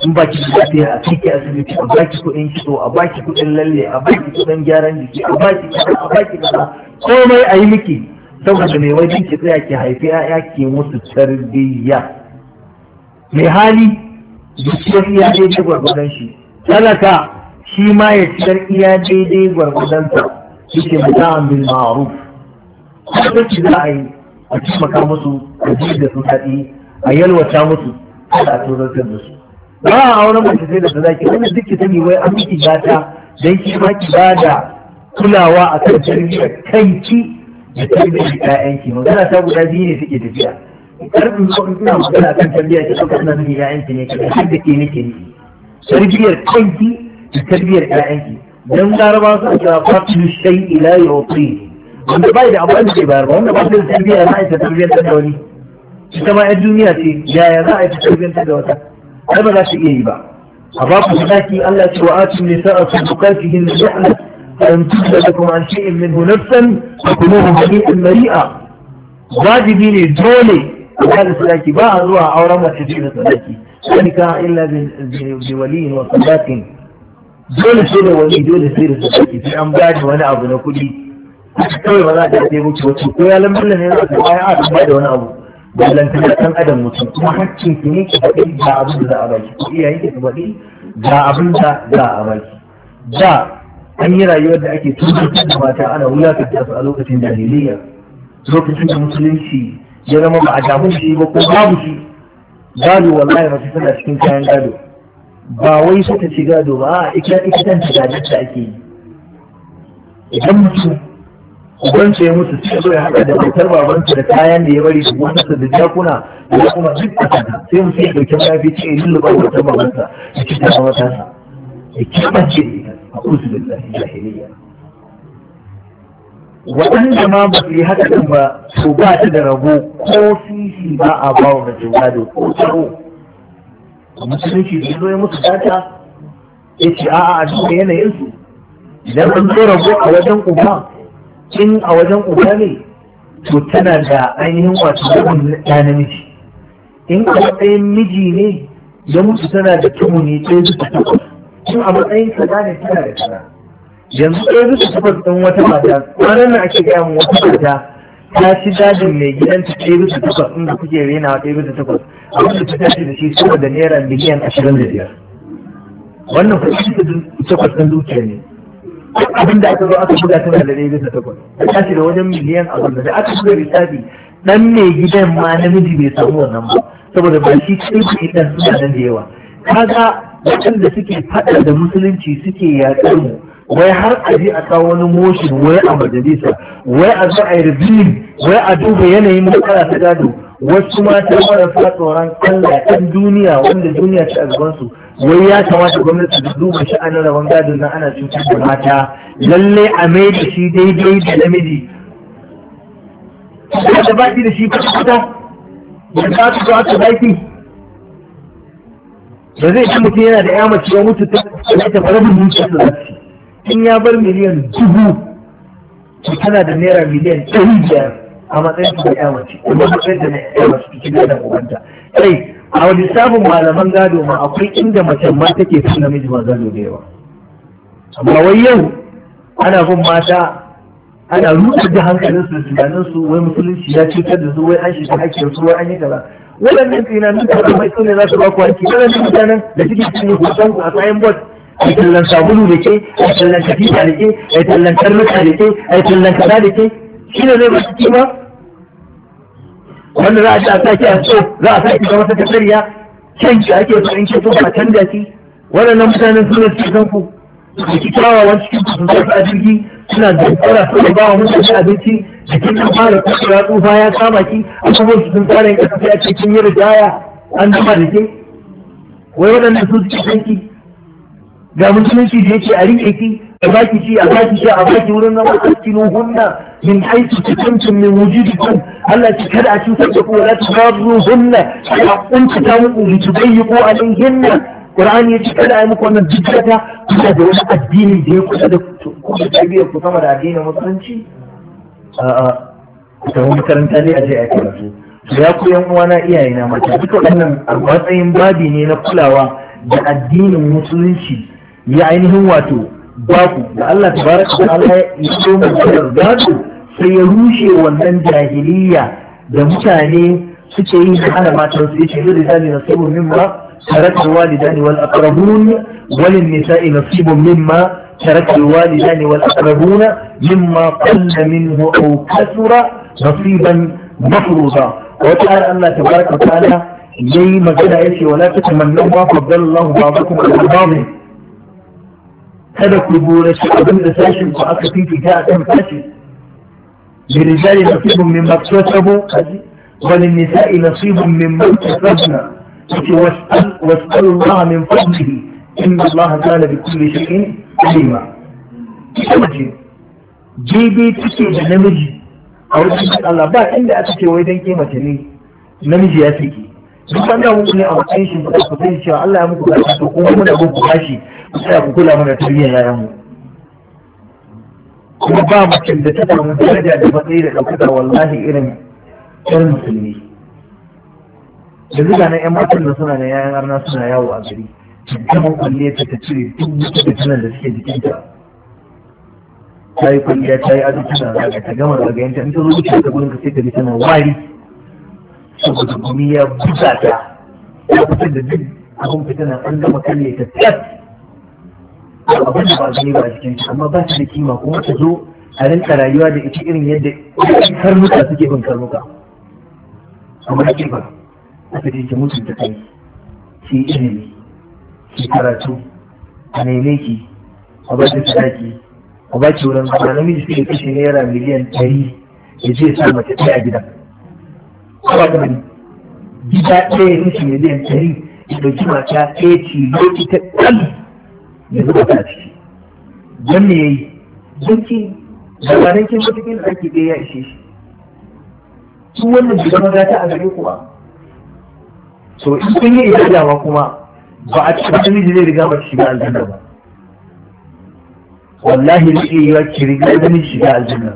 Speaker 1: in ba ki lafiya a kai ki asibiti a baki kuɗin kitso a baki kuɗin lalle a baki kuɗin gyaran jiki a baki kaza a baki kaza komai a yi miki saboda mai wajen ki tsaya ki haifi ya ke musu tarbiyya mai hali dukiyar iya daidai gwargwadon shi talaka shi ma ya ciyar iya daidai gwargwadon sa yake mata'an bil ma'ruf ko ki za a yi a taimaka musu a ji da su daɗi a yalwata musu kada a tozartar da su ba a auren mace sai da ta sadaki wani duk ki sani wai an miki gata dan ki ma ki bada kulawa a kan tarbiyyar kanki da tarbiyyar ƴaƴanki magana ta guda biyu ne suke tafiya karfin zo in ina magana akan tarbiyya ki ɗauka ina nufin ƴaƴanki ne kaga har da ke nake nufi tarbiyyar kanki da tarbiyyar ƴaƴanki dan garaba su ga fatu shay ila yuti wanda bai da abin da ke bayar ba wanda ba su da tarbiyya na ita tarbiyyar ta da wani ita ma ƴar duniya ce yaya za a yi tarbiyyar ta da wata ai ba za su iya yi ba a ba ku sadaki Allah ce wa atun nisa'a sadaqatihin nihla an tujda lakum an shay'in min nafsan fakuluhu hadiyan mari'a wajibi ne dole a kada sadaki ba a zuwa auren mace ce da sadaki wani ka illa bi waliyin wa sadakin dole sai da wani dole sai da sadaki sai an ba da wani abu na kuɗi kawai ba za a ɗaya mutu wacce ko ya lambar ne za a ɗaya a ba da wani abu ballantana ɗan adam mutum kuma haccin ki ne ki faɗi ga abin da za a baki ko iyayen ki faɗi ga abin da za a baki da an yi rayuwar da ake tuntuɓar da mata ana wulakanta su a lokacin jahiliya lokacin da musulunci ya zama ba a damu shi ba ko babu shi gado wallahi masu suna cikin kayan gado ba wai suka ci gado ba a ita ita gadar da ake yi idan mutum ubansa ya mutu cikin zo ya haɗa da bautar babansa da kayan da ya bari su ubansa da jakuna da kuma duk a sana sai mu ya ɗauki mafi ce ya lulluɓa bautar babansa da cikin mawatansa da ce a kusa da jahiliya waɗanda ma ba su yi haka ɗin ba su ba ta da rago ko sisi ba a ba wa mace da ko tsaro a musulunci da zo ya mutu data ya ce a'a a duka yanayinsu idan an zo rago a wajen uba in a wajen uba ne to tana da ainihin wato rabin ɗa namiji in a matsayin miji ne ya mutu tana da tumu ne ɗaya bisa takwas in a matsayin kaza ne tana da kaza yanzu ɗaya bisa takwas ɗin wata mata kwanan nan ake gaya mu wata mata ta ci dajin mai gidanta ɗaya bisa takwas inda kuke rena ɗaya bisa takwas a wanda ta tashi da shi saboda naira miliyan ashirin da biyar wannan kuɗi takwas ɗin dukiya ne abin da aka zo aka buga tana da daidai da takwas ta tashi da wajen miliyan abin da aka buga lissafi dan mai gidan ma namiji bai samu wannan ba saboda ba shi kai idan suna nan da yawa kaga waɗanda suke faɗa da musulunci suke yaƙar mu wai har a je a kawo wani motion wai a majalisa wai a zo a yi wai a duba yanayin matsala ta gado wasu mata marasa tsoron Allah duniya wanda duniya ta a gabansu wai ya kamata gwamnati ta duba sha'anin rabon gadon nan ana cutar da mata lalle a mai da shi daidai da namiji kuma da baki da shi kwata-kwata da za ta zo aka baki Ba zai ci mutum yana da ya mace ya mutu ta ta fara da zuciya da zaci in ya bar miliyan dubu to tana da naira miliyan ɗari biyar a matsayin da ya mace kuma matsayin da ya mace cikin da ubanta sai a wani sabon malaman gado ma akwai inda mace ma take fi namiji ma gado da yawa amma wai yau ana bin mata ana rutar da hankalin su tunanin su wai musulunci ya cutar da su wai an shiga hakkin su wai an yi kaza waɗannan tunanin da kuma su ne za su ba ku hanki waɗannan mutanen da suke cikin hoton ku a sayan bot a tallan sabulu da ke a tallan katifa da ke a tallan karnuka da ke a tallan kaza da ke shi ne zai ba su kima wanda za a ci a sake a so za a sake ga wata kasariya can ki ake so in ki so ba canja ki waɗannan mutanen suna cikin san ku da ki kawo wani cikin ku su a jirgi suna da kwara su ba wa mutane abinci A kin nan fara kwakwara tsufa ya kama ki abubuwan su sun fara yin kasa ya ce kin yi rijaya an dama da ke wai waɗannan su suke san ki ga musulunci da yake a riƙe ki a baki ci a baki sha a baki wurin zama a cikin hunna min aiki cikin min wujudikum Allah ki kada a cutar da ku wala tudarruhunna ya kuntata muku ki tubayyiqu alayhinna Qur'ani ya ce kada a yi muku wannan jikkata da wani addini da ya kusa da ku da tabiyar da addinin musulunci a'a ta makaranta ne a je a karatu ya ku yan uwana iyayena mata duka wannan ne na kulawa da addinin musulunci ya ainihin wato baku da Allah tabaraka wa ta'ala ya so sai ya rushe wannan jahiliya da mutane suke yi da hana matan su yace zai rizali nasibun mimma tarakal walidani wal aqrabun wal nisa'i nasibun mimma tarakal walidani wal aqrabun mimma qalla minhu aw kathura nasiban mafruza wa ta'ala Allah tabaraka ta'ala yayi magana yace wala tatamannu ma faddala Allah ba'dakum ala ba'd kada ku gore shi abinda sashin ku aka fifita akan sashin للرجال نصيب مما اكتسبوا وللنساء نصيب مما اكتسبن واسأل الله من فضله إن الله كان بكل شيء عليما daidai take da namiji a wajen Allah ba inda aka ce wai dan ke mace ne namiji ya take duk wanda muku a matsayin shi ba ku san Allah ya muku da ku kuma muna ku bashi ku tsaya ku kula mana tarbiyyar yayan mu kuma ba mutum da ta samu daraja da matsayi da ɗaukaka wallahi irin irin musulmi da zuga na yan matan da suna da yayan arna suna yawo a gari kamar kwalle ta ta cire duk wata da fitinan da suke jikinta ta yi kwalliya ta yi azu tana zaga ta gama zagayen ta, in ta zo wuce ta gurin ka sai ta bi tana wari saboda gumi ya buga ta ya fitar da duk abin fitinan an gama kalle ta tas abin da ba gani ba a cikin shi amma ba shi da kima kuma ta zo a rinka rayuwa da ita irin yadda karnuka suke bin karnuka amma ake ba aka ce ki mutunta kai ki ilimi shi karatu a neme ki a ba ta ki sadaki a ba ki wurin zama namiji suke kashe naira miliyan ɗari ya je sa mace ɗaya a gidan kawai da mani gida ɗaya ya kashe miliyan ɗari ya ɗauki mata ɗaya tilo ita ɗan Yanzu ba ta a ciki don me yayi don da ranar kin mutukin da ake ɗaya ya ishe shi su wannan bai zama gata a gare kuwa so in kun yi ibadawa kuma ba a cikin namiji zai riga ba shiga aljanna ba wallahi zai yi wa ki riga namiji shiga aljanna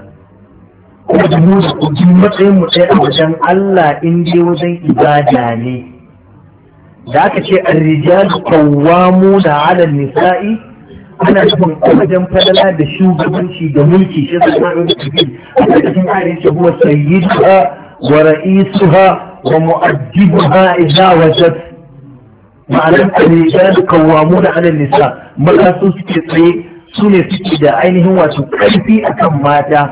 Speaker 1: kuma da mu da matsayin mu ɗaya a wajen Allah in je wajen ibada ne da aka ce ar-rijal qawwamuna 'ala an-nisa'i ana nufin wajen fadala da shugabanci da mulki shi zai ma'aikata cikin a cikin ayin shi huwa sayyiduha wa ra'isuha wa mu'addibuha idza wajad ma'anar ar-rijal qawwamuna 'ala an-nisa maza su suke tsaye su ne suke da ainihin wato karfi akan mata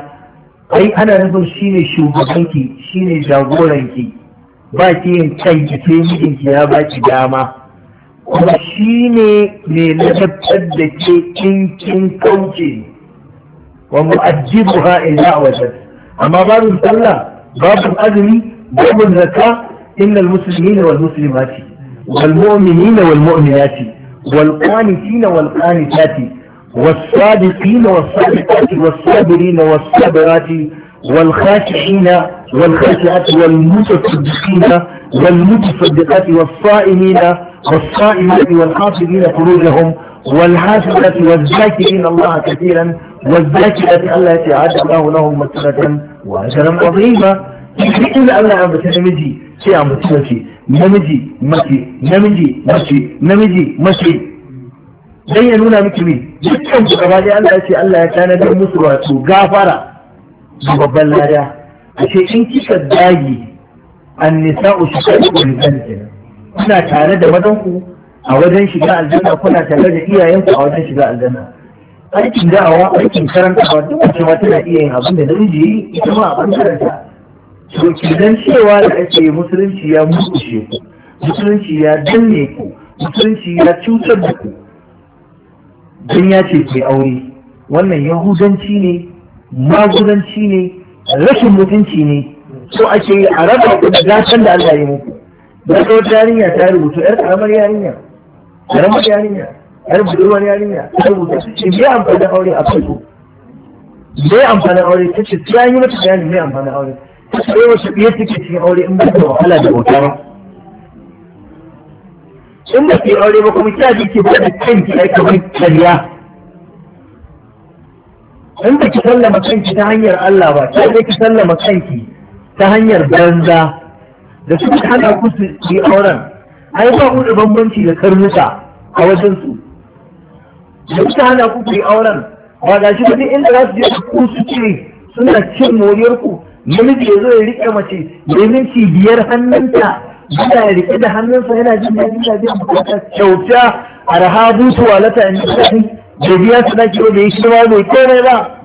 Speaker 1: ai ana nufin shine shugabanki shine jagoranki ba ki yin canki sai mijinki ya ba ki dama kuma shi ne mai ladabtar da ke kinkin kauce wa mu'ajjibu ha ila wajen amma babu sallah babu azumi babu zakka innal muslimina wal muslimati wal mu'minina wal mu'minati wal qanitina wal qanitati والصادقين والصادقات والصابرين والصابرات والخاشعين والخاشعات والمتصدقين والمتصدقات والصائمين والصائمات والحافظين فروجهم والحافظة والذاكرين الله كثيرا والذاكرة التي اعد الله لهم مثلة وأجرا عظيما يقول أن الله عبد نمجي سي عمد نمجي نمجي مكي نمجي مكي نمجي مثل بينونا مكي جدا بقبالي الله سي الله كان بمسرعة قافرة da babban lada ashe in kika dagi an nisa'u shaqaqu lisanti kuna tare da ku a wajen shiga aljanna kuna tare da iyayen ku a wajen shiga aljanna aikin da'awa aikin karantawa duk wacce ma tana iya yin abin da namiji yi ita ma a bangaren to kidan cewa da ake musulunci ya murkushe ku musulunci ya danne ku musulunci ya cutar da ku don ya ce ke aure wannan yahudanci ne magudanci ne rashin mutunci ne so ake yi a raba ku da gatan da Allah ya muku da ta wata yarinya ta rubuta yar karamar yarinya karamar yarinya yar budurwar yarinya ta rubuta shi me amfani aure a farko me amfanin aure ta ce ta yi mata bayani me amfanin aure ta ce yau wasu biyar take cikin aure in ba ta wahala da bauta ba in ba ke aure ba kuma kya ji ke ba da kanki ai kamar kariya in ba ki sallama kanki ta hanyar Allah ba ta ki sallama kanki ta hanyar banza da suka hana ku su yi auren ai ba ku da bambanci da karnuka a wajen su da suka hana ku yi auren ba da shi ba inda za su je ku su ce suna cin moriyar ku namiji ya zo ya riƙe mace ya minti biyar hannunta yana riƙe da hannunsa yana jin daɗi da jin bukata kyauta arha butuwa lata in ji jirgiya ta su daki ba bai shi ba bai komai ba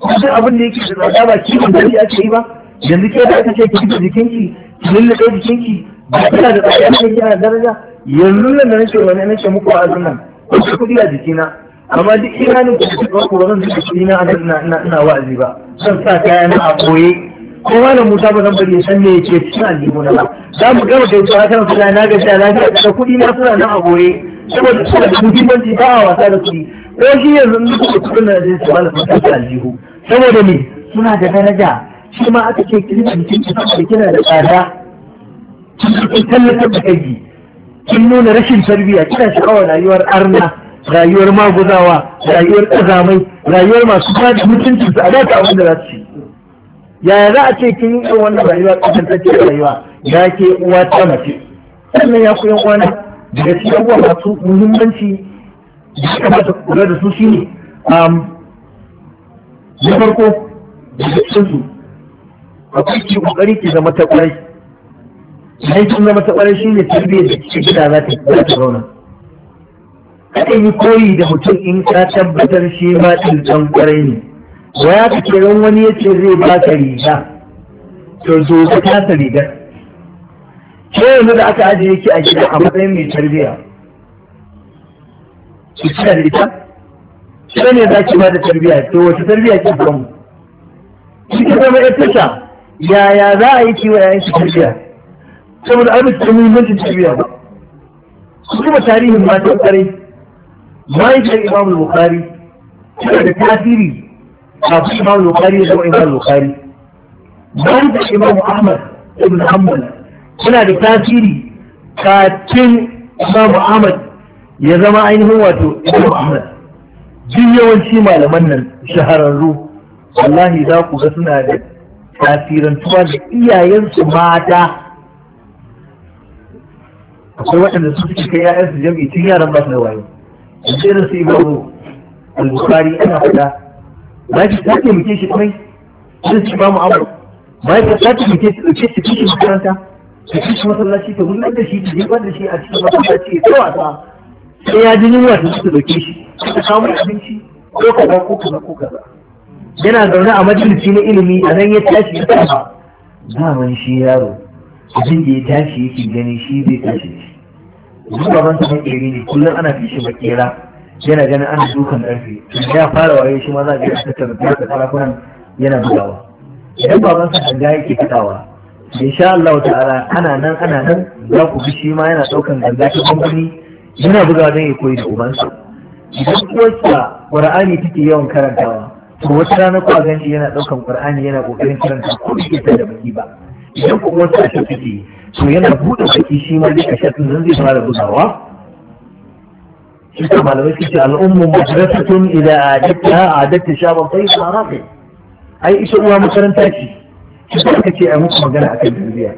Speaker 1: kusan abin da yake da ba kiwon gari ake yi ba yanzu ke da aka ce ki da jikinki ki lullube jikinki ba kina da tsada ne kina daraja yanzu nan da nake wani nake muku a nan kusa kudi a jikina amma duk imanin ku da ku ba zan zuba kuɗi na ina ina wa'azi ba zan sa kaya na a koye ko malam Musa ba zan bari ya san me yake cikin aljihu na ba za mu gama kai a hakan fulani na gashi a lafiya da kuɗi na suna na a goye saboda suna da muhimmanci ba a wasa da kuɗi ko shi yanzu in suka kuɗin da zai su malamin kasa aljihu saboda me suna da daraja shi ma aka ce kiri da mutum da kina da tsada kin tallatar da kai kin nuna rashin tarbiyya kina sha'awar rayuwar arna rayuwar maguzawa rayuwar ƙazamai rayuwar masu ba da mutunci su a da ta abin da za su ci yaya za a ce kin yi wannan rayuwa ƙasantacce rayuwa ya ke uwa ta mace sannan ya ku kwana. daga cikin abubuwa masu muhimmanci da ya kamata kula da su shine um, na farko daga cikin su akwai ki kokari ki zama ta kwarai sai kin zama ta kwarai shine tarbiyyar da kike gida za ta za ta zauna kada yi koyi da mutum in ka tabbatar shi ma din dan kwarai ne waya ka kiran wani yace zai ba ka riga to zo ka ta rigar ke yanzu da aka ajiye ki a gida a matsayin mai tarbiyya ki cika da ita sai ne za ki bada tarbiyya to wace tarbiyya ki samu ki ka zama yar tasha yaya za a yi kiwa yayin ki tarbiyya saboda an ta muhimmancin tarbiyya ba su kuma tarihin matan kare mahaifiyar imam al-bukhari tana da tasiri kafin imam al-bukhari ya zama imam al-bukhari mahaifiyar imam ahmad ibn hanbal suna da tasiri kacin Imam Ahmad ya zama ainihin wato Imam Ahmad duk yawanci malaman nan shahararru wallahi za ku ga suna da tasirantuwa da iyayensu mata akwai waɗanda su suke kai ‘ya'yansu jam'i tun yaran ba su da wayo yanzu irin su imamu al-bukhari ana fada ba ki ta taimake shi kai irin su imamu abu ba ki ta taimake shi ɗauke shi cikin makaranta su ci shi masallaci ta gulmar da shi ta jefar da shi a cikin masallaci ta wasa sai ya ji yunwa ta su dauke shi ta samu abinci ko kaza ko kaza ko kaza yana zaune a majalisi na ilimi a nan ya tashi ya tashi zaman shi yaro abin da ya tashi yake ganin shi zai tashi shi zuwa ban sa ne kullum ana fi shi makera yana ganin ana dukan ƙarfe ya fara waye shi ma za a ga ya tattara da sarakunan yana bugawa idan baban sa hanga yake fitawa insha Allah ta'ala ana nan ana nan za ku bi shi ma yana daukan ganda ta bambani yana bugawa don ya koyi da ubansa idan kuwarsa ƙur'ani take yawan karantawa to wata rana ko a shi yana daukan ƙur'ani yana kokarin karanta ko bai ta da baki ba idan ku wata ta take to yana buɗe baki shi ma duka shafin zan zai fara bugawa shi ta malamai suke al'ummu madrasatun idza ajatta ajatta shaban tayyib arafi ai ita uwa makaranta ce shi aka ce a muku magana a kan tarbiyya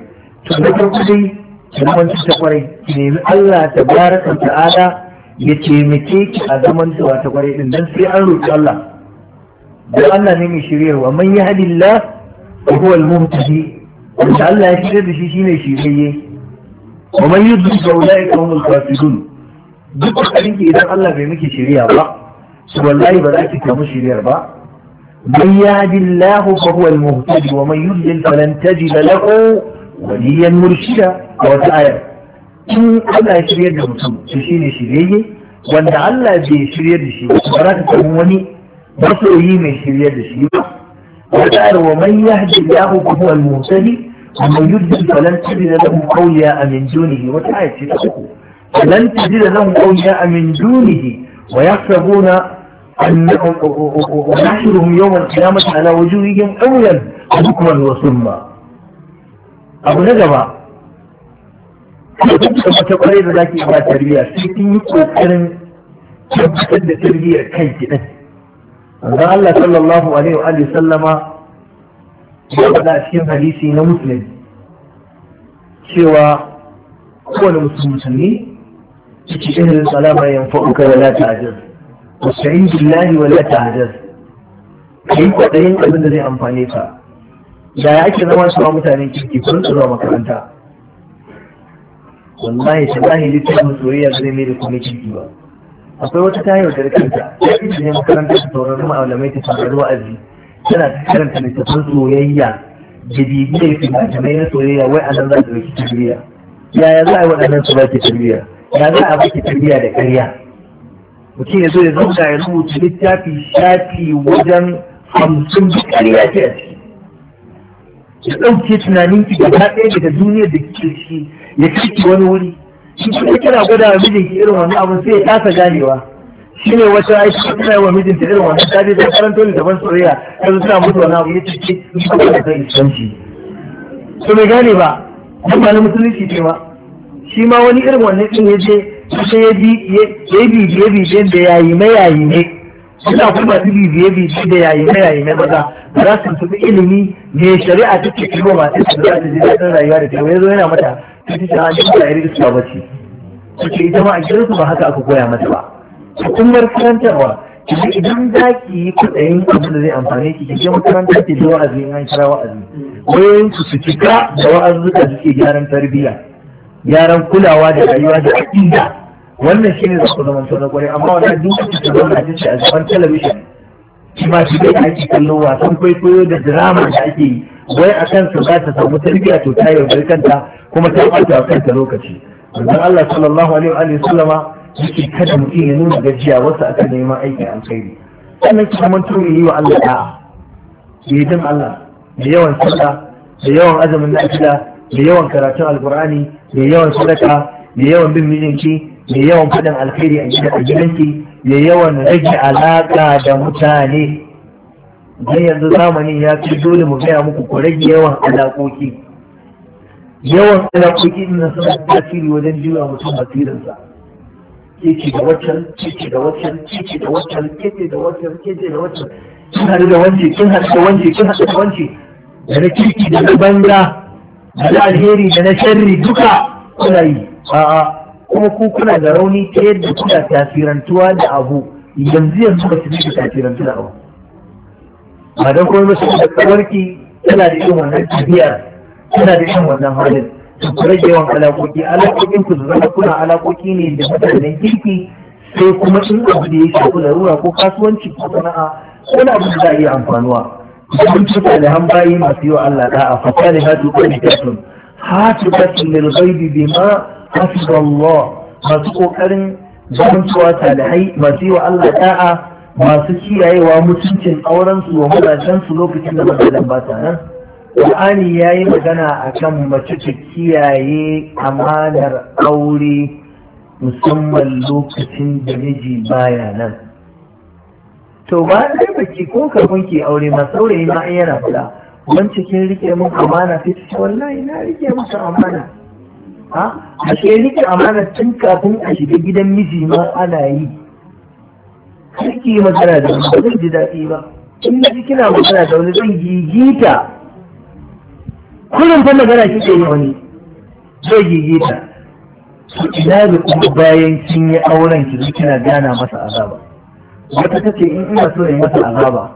Speaker 1: to na farko dai da zaman ta kwarai nemi Allah ta baraka ta'ala ya taimake ki a zaman zuwa ta kwarai din dan sai an roƙi Allah dan Allah ne mai shiryarwa man yahdillah wa huwa al-muhtadi wanda Allah ya shirya da shi shine shirye wa man yudlil fa ulaika humul kafirun duk da idan Allah bai miki shirya ba to wallahi ba za ki samu shiriyar ba من يهد الله فهو المهتدي ومن يضلل فلن تجد له وليا مرشدا وتعالى آية، إن الله يشري يده مسلم تشين يشري وأن الله يشري يده شيء وبركة تموني بصره من يشري يده شيء وتعالى ومن يهد الله فهو المهتدي ومن يضلل فلن تجد له اولياء من دونه وتعالى آية، فلن تجد له قولا من دونه ويحسبون ونحشرهم يوم القيامة على وجوههم عميا وبكما وصما abu na gaba wata kwarai da za ki ba tarbiyya sai kin yi kokarin tabbatar da tarbiyyar kai ki din manzon Allah sallallahu alaihi wa alihi sallama ya faɗa cikin hadisi na muslim cewa kowane musulmi ciki irin salama yanfa'uka wa la ta'jaz wasta'in billahi wa la ka yi kwaɗayin abin da zai amfane ka da ya ake zama su mutanen kirki sun tsoro makaranta wallahi shallahi littafin soyayya zai mai da kuma kirki ba akwai wata tayar da kanta ta ita ne makaranta ta saurari malamai ta saurari wa'azi tana ta karanta littafin soyayya jadidiyar fina-finai na soyayya wai anan za ta ɗauki tarbiyya yaya za a yi waɗannan su ba ki tarbiyya ya za a ba ki tarbiyya da ƙarya mutum ya zo ya zauna ya rubuta littafi shafi wajen hamsin da ƙarya ce a ciki ya ɗauke tunanin ki da ta ɗaya daga duniyar da kike shi ya kai wani wuri shi kuma kira gwada wa ki irin wani abu sai ya kasa ganewa shi ne wata aiki ko kuma yawan mijin ta irin wani ta dai karanto ne daban soyayya ta zo tana mutu wani abu ya cike shi kuma da zai iskanci to bai gane ba amma na musulunci ce ma shi ma wani irin wannan ɗin ya je sai ya bibiye bibiye da yayi mayayi ne suna kuma su bibiye bibiye da yayi mayayi ne maza ba za su tafi ilimi ne shari'a ta ce kuma masu su za su ji daɗin rayuwa da tewa ya zo yana mata ta ce ta ah, ji ba irin iska ba ce su ce ita ma a gidan su ba haka aka koya mata ba su kumar karantarwa idan za ki yi kuɗayen abin da zai amfani ki ki je makarantar ki da wa'azi in an kira wa'azi wayoyin su su cika da wa'azuka suke gyaran tarbiyya gyaran kulawa da rayuwa da aƙida wannan shi ne za zama na kwarai amma wani duk da su zama a a zaman talabishin shi ma shi dai ake kallo wasan kwaikwayo da drama da ake yi wai a kansu za ta samu tarbiyya to ta yaudar kanta kuma ta ɓata kanta lokaci manzon Allah sallallahu alaihi wa sallama yake kada mutum ya nuna gajiya wasu aka neman aikin alkhairi sannan ki kuma tuni yi wa Allah da'a ya yi Allah da yawan sallah da yawan azumin nafila da yawan karatun alkur'ani da yawan sadaka da yawan bin mijinki da yawan faɗin alkhairi a gidanki da yawan rage alaƙa da mutane don yanzu zamanin ya fi dole mu gaya muku ku rage yawan alaƙoƙi yawan alaƙoƙi ina suna tasiri wajen jiwa mutum basirinsa keke da waccan keke da waccan keke da waccan keke da waccan keke da waccan kin haɗu da wance kin haɗu da wance kin haɗu da wance da na kirki da na banza da alheri da na sharri duka kuna yi a'a kuma ku kuna da rauni ta yadda kuna tafirantuwa da abu yanzu yanzu ba su ji tafirantuwa da ba don kuma musu da kawarki tana da yin wannan tafiyar tana da yin wannan halin su rage yawan alaƙoƙi alaƙoƙin ku zama kuna alaƙoƙi ne da mutanen kirki sai kuma in abu da ya shafi larura ko kasuwanci ko sana'a ko abu da za a iya amfanuwa sun ci salihan bayi masu yi wa Allah da'a fa salihatu qanitatun hasibatun lil ghaibi su ga Allah masu kokarin zamantowa salihai masu yi wa Allah da'a masu kiyayewa mutuncin aurensu su wa mazajen su lokacin da mazajen ba ta nan Qur'ani ya yi magana a kan mace ta kiyaye amanar aure musamman lokacin da miji baya nan to ba da baki ko kafin ke aure ma saurayi ma in yana fada wani cikin rike mun amana sai ta ce wallahi na rike musu amana ha a ke rike amana tun kafin a shiga gidan miji ma ana yi kiki magana da wani zan ji daɗi ba in na ji kina magana da wani zan gigita kullum ta magana kike yi wani zai gigita ina da kuma bayan kin yi auren ki kina gana masa azaba wata ta ce in ina so in masa azaba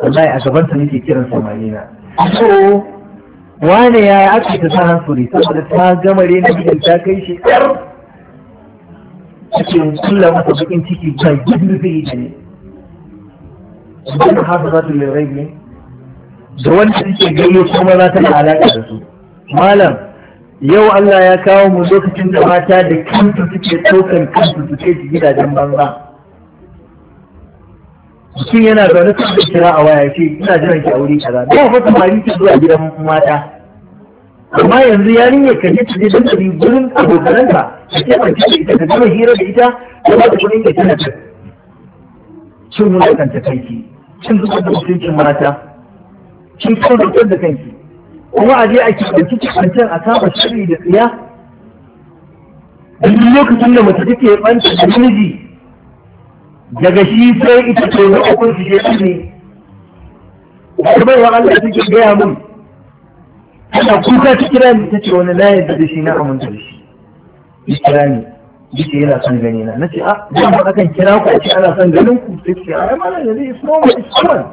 Speaker 1: wallahi a gaban ta nake kiran samari na so wane yaya aka ta sa hansuri saboda ta gama rena gidan ta kai shi yar cikin kula masa bakin ciki ba gidan zai da ne wani hafa za ta yi rai ne
Speaker 2: da wanda suke gayyo kuma za ta alaƙa da
Speaker 1: su malam yau Allah ya kawo mu lokacin da mata da kansu suke tsokan kansu suke gidajen banza mutum yana zaune kan da kira a waya ce ina jiran ki aure kaza da ta samari ki zuwa gidan mata amma yanzu yarinyar ka je taje dan tabi gurin abokananta a aiki da ita ka gama hira da ita da ba ta kuɗin da tana ta cin wulakanta kanki cin zubar da mutuncin mata cin kawai da kanki kuma a je a ɗauki kiɗancen a saba shiri da tsiya duk lokacin da mace take ɓanta da namiji daga shi sai ita ce na ukun shi ke ne wata bai wa Allah take gaya mun ana kuka ta kira ni ta ce wani yadda da shi na aminta da shi ya kira ni yace yana son gani na nace a ah, zan ba akan kira ku ce ana son ganin ku sai ce ai malam nan is normal is common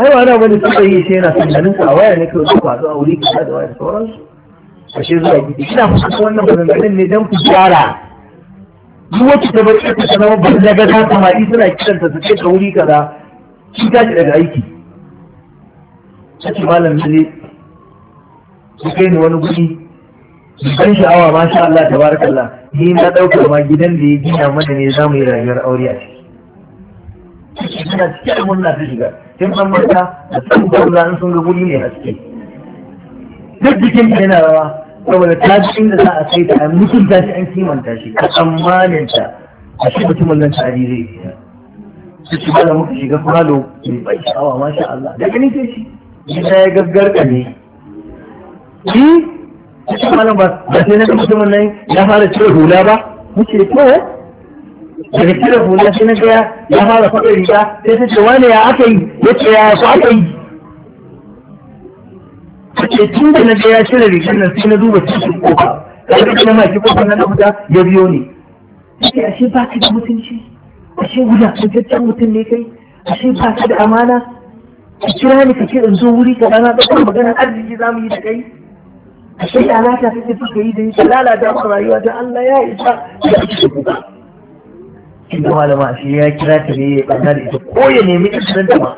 Speaker 1: ai wani abu su suka yi sai yana son ganin ku a waya ne kawai ku a wuri kaza da waya sauransu ashe zuwa gidi ina fuskantar wannan ganin ne dan ku gyara duk wacce ta bari ta zama ba ta ga ta suna kiranta ta ce ka wuri kaza shi ta daga aiki ta ce malam dole ku kai ni wani guri ban sha'awa sha Allah tabarakallah ni na ɗaukar ma gidan da ya gina mana ne za mu yi rayuwar aure a ciki suna cikin na ta shiga sun ɗan mata da sun ga sun ga guri mai haske duk jikin yana rawa saboda ta da za a sai da an mutunta shi an kimanta shi ka tsammanin ta a shi mutumin nan tari zai biya su ci bala muka shiga falo mai bai sha'awa masha Allah da ganin ke shi gida ya gaggarka ne shi shi malam ba ba sai na mutum nan ya fara cire hula ba muke to daga cire hula sai na ga ya fara faɗa riga sai ta ce wani ya aka yi ya ce ya su aka yi ce tun da na je ya cire rigar nan sai na duba cikin kofa kaga kuma ma ki kofar nan abuja ya biyo ni sai ashe ba ka da mutunci ashe guda mutuntaccen mutum ne kai ashe ba ka da amana Ki kira ni ka ce in zo wuri ka na ɗaukar maganar arziki za mu yi da kai ashe ya lata kake suka yi da yi ka lalata ma rayuwa ta Allah ya isa da ake kuka. Kin da malama ashe ya kira ta ne ya da ita ko ya nemi inda ma.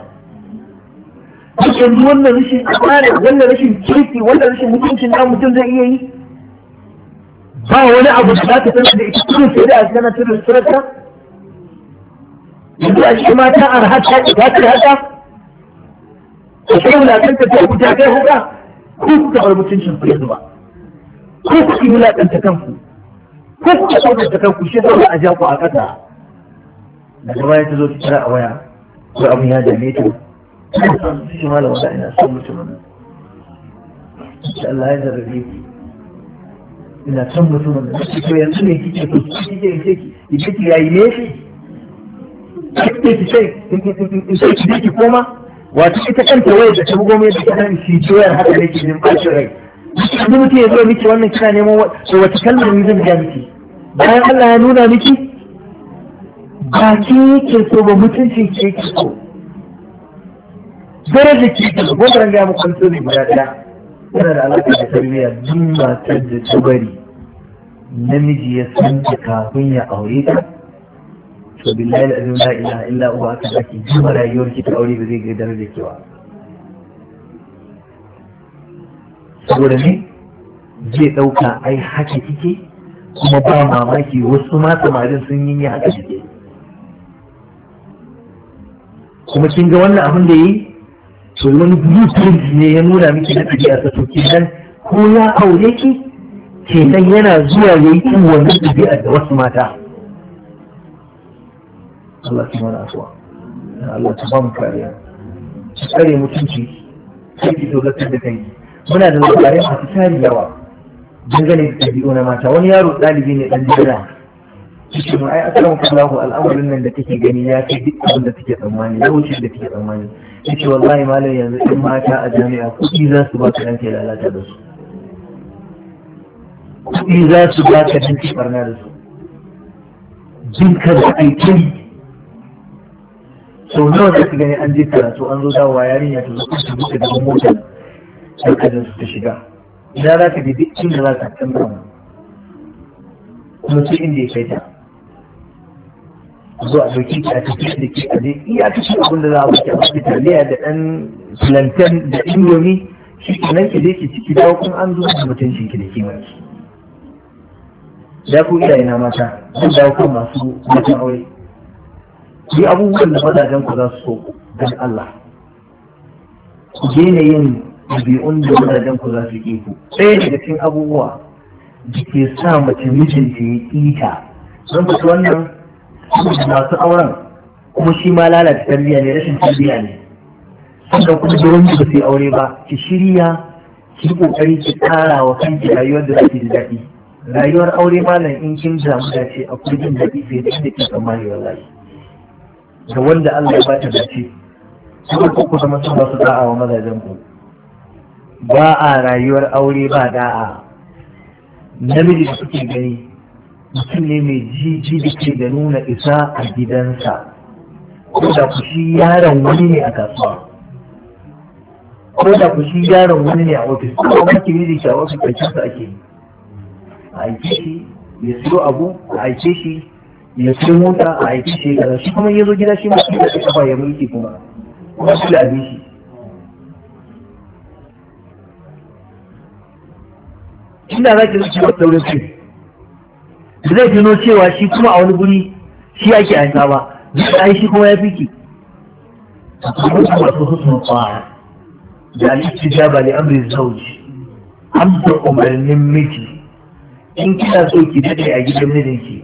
Speaker 1: yanzu wannan rashin amana wannan rashin kirki wannan rashin mutuncin na mutum zai iya yi ba wani abu da za ka sanar da ita kuma sai da a sanar da yanzu a cikin mata a rahata ta ce haka a sai wulakanta ta ku ta kai haka ko ku taɓa mutuncin ku yanzu ba ko ku yi wulakanta kanku ko ku taɓa da kanku shi zai a ja ku a ƙasa daga baya ta zo ta kira a waya ko abin ya dame ta shi malam wata ina son mutumin insha Allah ya zarrabe ki ina son mutumin da nake to yanzu ne kike ko kike kike kike ki yayi ne kike ki sai kike kike ki koma wato ita kanta wayar da ta bugo mai da kana ki joyar haka ke jin bashi rai yanzu mutum ya zo miki wannan kina neman wata kalmar ne zan ga miki bayan Allah ya nuna miki ba ke yake so ba mutuncin ke yake so daraja ke da gwamnan ya muku ne guda ɗaya yana da alaƙa da tarbiyya duk matar da ta bari namiji ya san ta kafin ya aure ta to billahi da azim la ilaha illa huwa aka ake jima rayuwar ki ta aure ba zai ga daraja ke ba saboda ne zai ɗauka ai haka kike kuma ba mamaki wasu ma samarin sun yi haka kike kuma kin ga wannan abin da yi so wani blueprint ne ya nuna miki na ɗabi'a ta to kenan ko ya aure ki kenan yana zuwa ya yi irin wannan ɗabi'a da wasu mata Allah su mana asuwa Allah su bamu kariya su tsare mutunci sai ki dogatar da kai muna da labarai masu tari yawa dangane da ɗabi'u na mata wani yaro ɗalibi ne ɗan jira shi ai asalin kallahu al'amarin nan da take gani ya fi duk abin da take tsammani ya wuce da take tsammani yake wallahi malam yanzu ɗin mata a jami'a kuɗi za su ba ka ɗan ke lalata da su kuɗi za su baka ɗan kai barna da su jinka da aikin sau nawa za ka gani an je karatu an zo dawowa yarinya ta zo kusa buɗe da motar sai ka su ta shiga ina za ka je duk inda za ka canza mu kuma sai inda ya kai ta zuwa doki a tafi da ke a dai iya kashe abin da za a wuce a wasu taliya da ɗan plantain da indomi shi kenan ki dai ki ciki dawo kun an zuwa da mutuncin ki da kimar da ku iyaye na mata zan dawo kan masu matan aure yi abubuwan da mazajen ku za su so don Allah ku daina yin ɗabi'un da mazajen ku za su ƙi ku ɗaya daga cikin abubuwa da ke sa mace mijinta ya ƙi ta don fata wannan masu auren kuma shi ma lalata tarbiyya ne rashin tarbiyya ne sannan kuma da su yi aure ba ki shirya ki kokari ki tsara wa kanki rayuwar da zaki da daɗi rayuwar aure malam in kin damu da ce a kurjin daɗi sai da ke tsammani wallahi da wanda Allah ya bata dace kuma ku kuma zama sun ba da'a wa mazajen ku ba a rayuwar aure ba da'a namiji da kuke gani mutum ne mai jiji da ke da nuna isa a gidansa ko da ku shi yaron wani ne a kasuwa ko da ku shi yaron wani ne a ofis ko kuma kiri da shi a ofis karshen sa ake yi a aike shi ya siyo abu a aike shi ya siyo mota a aike shi ya shi kuma ya zo gida shi mutum da ya kafa ya mulki kuma kuma shi da abin shi inda za ki zuci wata wurin su da zai tuno cewa shi kuma a wani guri shi ake aika ba da shi kuma ya fiki wato husnul qara da al-istijaba li amri zawj amsa umarnin miji in kina so ki dade a gidan mijinki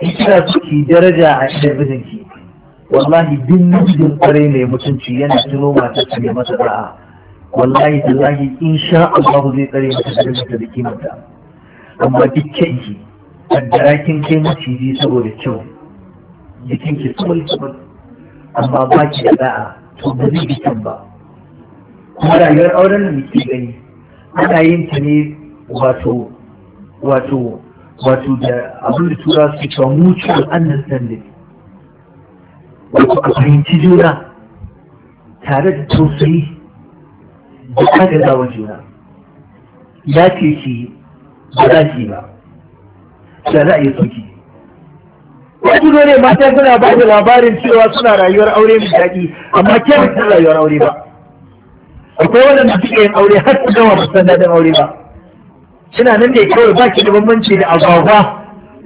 Speaker 1: in kina so ki daraja a gidan mijinki wallahi duk mijin kwarai mai mutunci yana tuno matar ta mai masa da'a wallahi tallahi insha Allah zai tsare mata da mata da kimanta amma duk kyanki kaddara kin kai maciji saboda kyau jikin ki sumul sumul amma ba ki da za'a to ba zai bi kyan ba kuma rayuwar auren da muke gani ana yin ta ne wato wato wato da abin da tura su cewa mutual understanding wato a fahimci juna tare da tausayi da kagazawa juna ya ce shi ba za ki ba da za a sauki wasu dole mata suna ba da labarin cewa suna rayuwar aure mai daɗi amma ke ba ta rayuwar aure ba akwai waɗanda suke yin aure har su gama ba san daɗin aure ba suna nan ne kawai ba ki da bambanci da agwagwa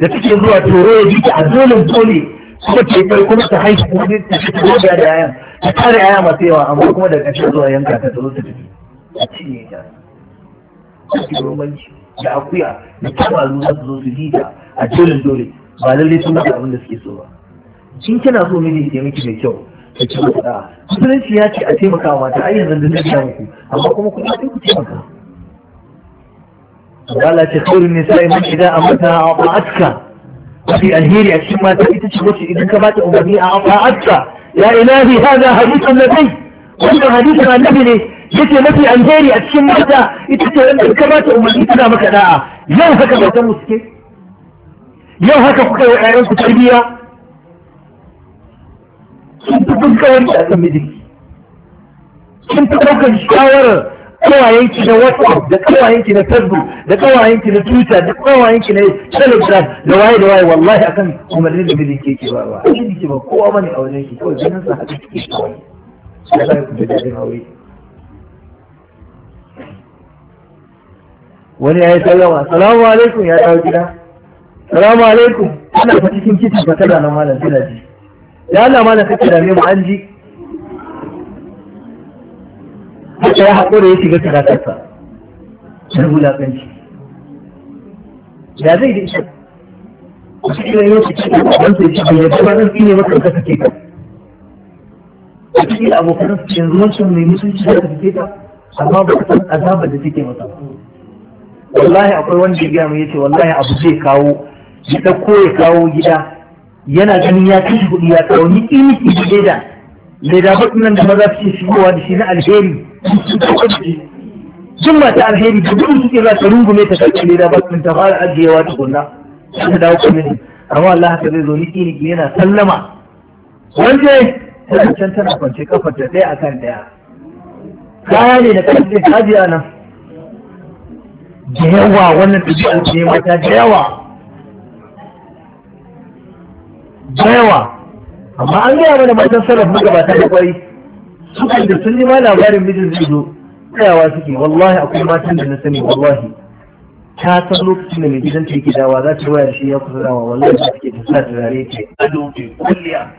Speaker 1: da suke zuwa toro ya ji a dolin dole kuma ke kai kuma ta haihu kuma ta ci ta da yayan ta tare yaya masu yawa amma kuma da ƙarshe zuwa yanka ta zo ta tafi a cinye ta. Bambanci. da akuya da tabaru za su zo su bita a dolin dole ba lallai sun maka abin da suke so ba in kina so miji ya miki mai kyau ta ci kuɗa musulunci ya ce a taimaka wa mata ai yanzu da zai muku amma kuma kuma sai ku taimaka wala ce tsori ne sai mun idan a mata a ba'atka fi alheri a cikin mata ita ce wacce idan ka bata umarni a ba'atka ya ilahi hada hadisan nabi wannan hadisan annabi ne yake mafi alheri a cikin mata ita ce wanda ka ba ta umarni tana maka da'a yau haka matan mu suke yau haka kuka yi ƴaƴan ku tarbiyya sun fi fuskawar a kan miji sun fi ɗaukar shawarar ƙawayenki na whatsapp da ƙawayenki na facebook da ƙawayenki na twitter da ƙawayenki na telegram da waye da waye wallahi akan umarnin da miji ke ke ba ba miji ke ba kowa bane a wajen ki kawai ganin sa haka ke kawai sai ku da dadin aure wani ya yi sallama salamu alaikum ya dawo gida salamu alaikum ana fa cikin kitin fa tana na malam tana ji ya Allah malam kake da mu an ji haka ya haƙura ya shiga sadakarsa na wulaƙanci da zai da ita a cikin yau su cikin wanda ya cikin ya kuma zan tsine maka ka kake ka a cikin abokan yanzu wancan mai mutunci da ka kake ka amma ba ka san azabar da take masa ba wallahi akwai wanda ya gaya yace wallahi abu zai kawo ya dauko ya kawo gida yana ganin ya kashe kuɗi ya kawo ni ini ki da leda leda baɗin nan da maza su ke shigowa da shi na alheri jin mata alheri da gudun suke za ta rungume ta kashe leda baɗin ta fara ajiyewa ta tukunna ta dawo kwamini amma Allah haka zai zo ni ini ki yana sallama wanda ta can tana kwance kafar ta ɗaya akan ɗaya kaya ne da kashe hajiya nan da yawa wannan ɗabi'ar ce mata da yawa da yawa amma an gaya mana matan sarrafa magabata da kwari sukan da sun ma labarin mijin zai zo tsayawa suke wallahi akwai matan da na sani wallahi ta san lokacin da mai gidan ta yake dawa za ta waya da shi ya kusa dawa wallahi ta take ta sa zare ta ado ke kulliya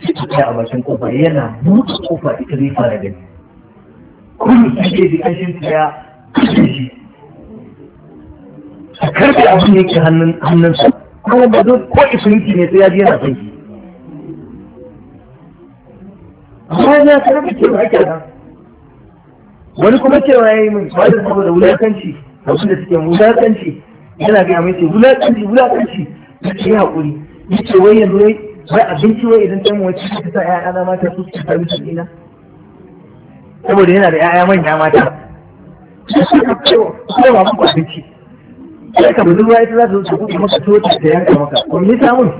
Speaker 1: sai ta tsaya a bakin kofa yana buɗe kofa ita zai fara gani kullum sai dai kashin ta ya kashe shi a karbe abin da yake su kuma ba zo ko ifirinki ne sai ya je yana sai amma ya karbe ke ba kenan wani kuma cewa ya yi min ba da saboda wulakanci wasu da suke wulakanci yana ga mai ce wulakanci wulakanci da ke haƙuri ya ce wai yanzu wai wai abinci wai idan ta mawaci ta sa ƴaƴa na mata su su mutu ina saboda yana da ƴaƴa manya mata su suka cewa su da mamu abinci yanka budurwa ita za ta zo ta maka tota ta yanka maka kun ni samun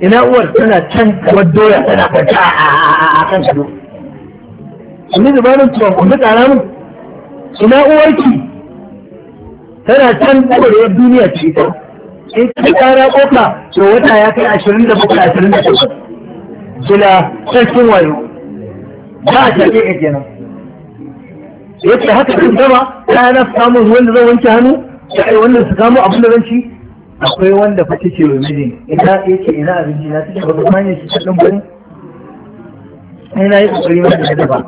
Speaker 1: ina uwar tana can kamar doya tana kwanta a kan gado kun ni zubanin tuwon kun tsara mun ina uwarki tana can kwarewar duniya ce ita in ka tsara kofa to wata ya kai ashirin da bakwai ashirin da takwas kila sarkin wayo ba a shaƙe ka kenan
Speaker 2: yace haka kan gama
Speaker 1: ta na samun ruwan da zan wanke hannu ya wanda wannan su kamo abin da zan ci akwai wanda fa ce wa mijin ina yake ina abinci na take ba kuma ne shi ta dan bane Sai na yi kokari ma da dafa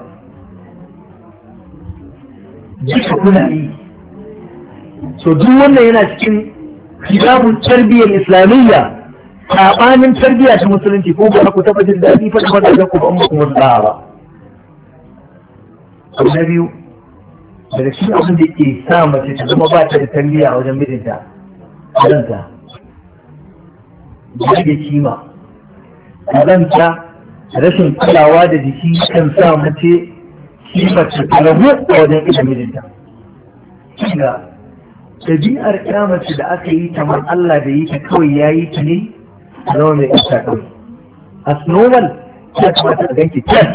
Speaker 1: duka kuna yi so duk wannan yana cikin kitabu tarbiyyar islamiyya sabanin tarbiyya ta musulunci ko ba ku taba jin daɗi fa da ku ba mu kuma ba abu na biyu daga cikin abin da ke sa mace ta zama ba ta da tarbiyya a wajen mijinta ranta da rage kima ranta rashin kulawa da jiki kan sa mace kimar ta rabu a wajen ita mijinta kinga ɗabi'ar kyamace da aka yi ta man Allah da yi ta kawai ya yi ta ne zama mai ƙasa kawai as normal ya kamata a ganke kyas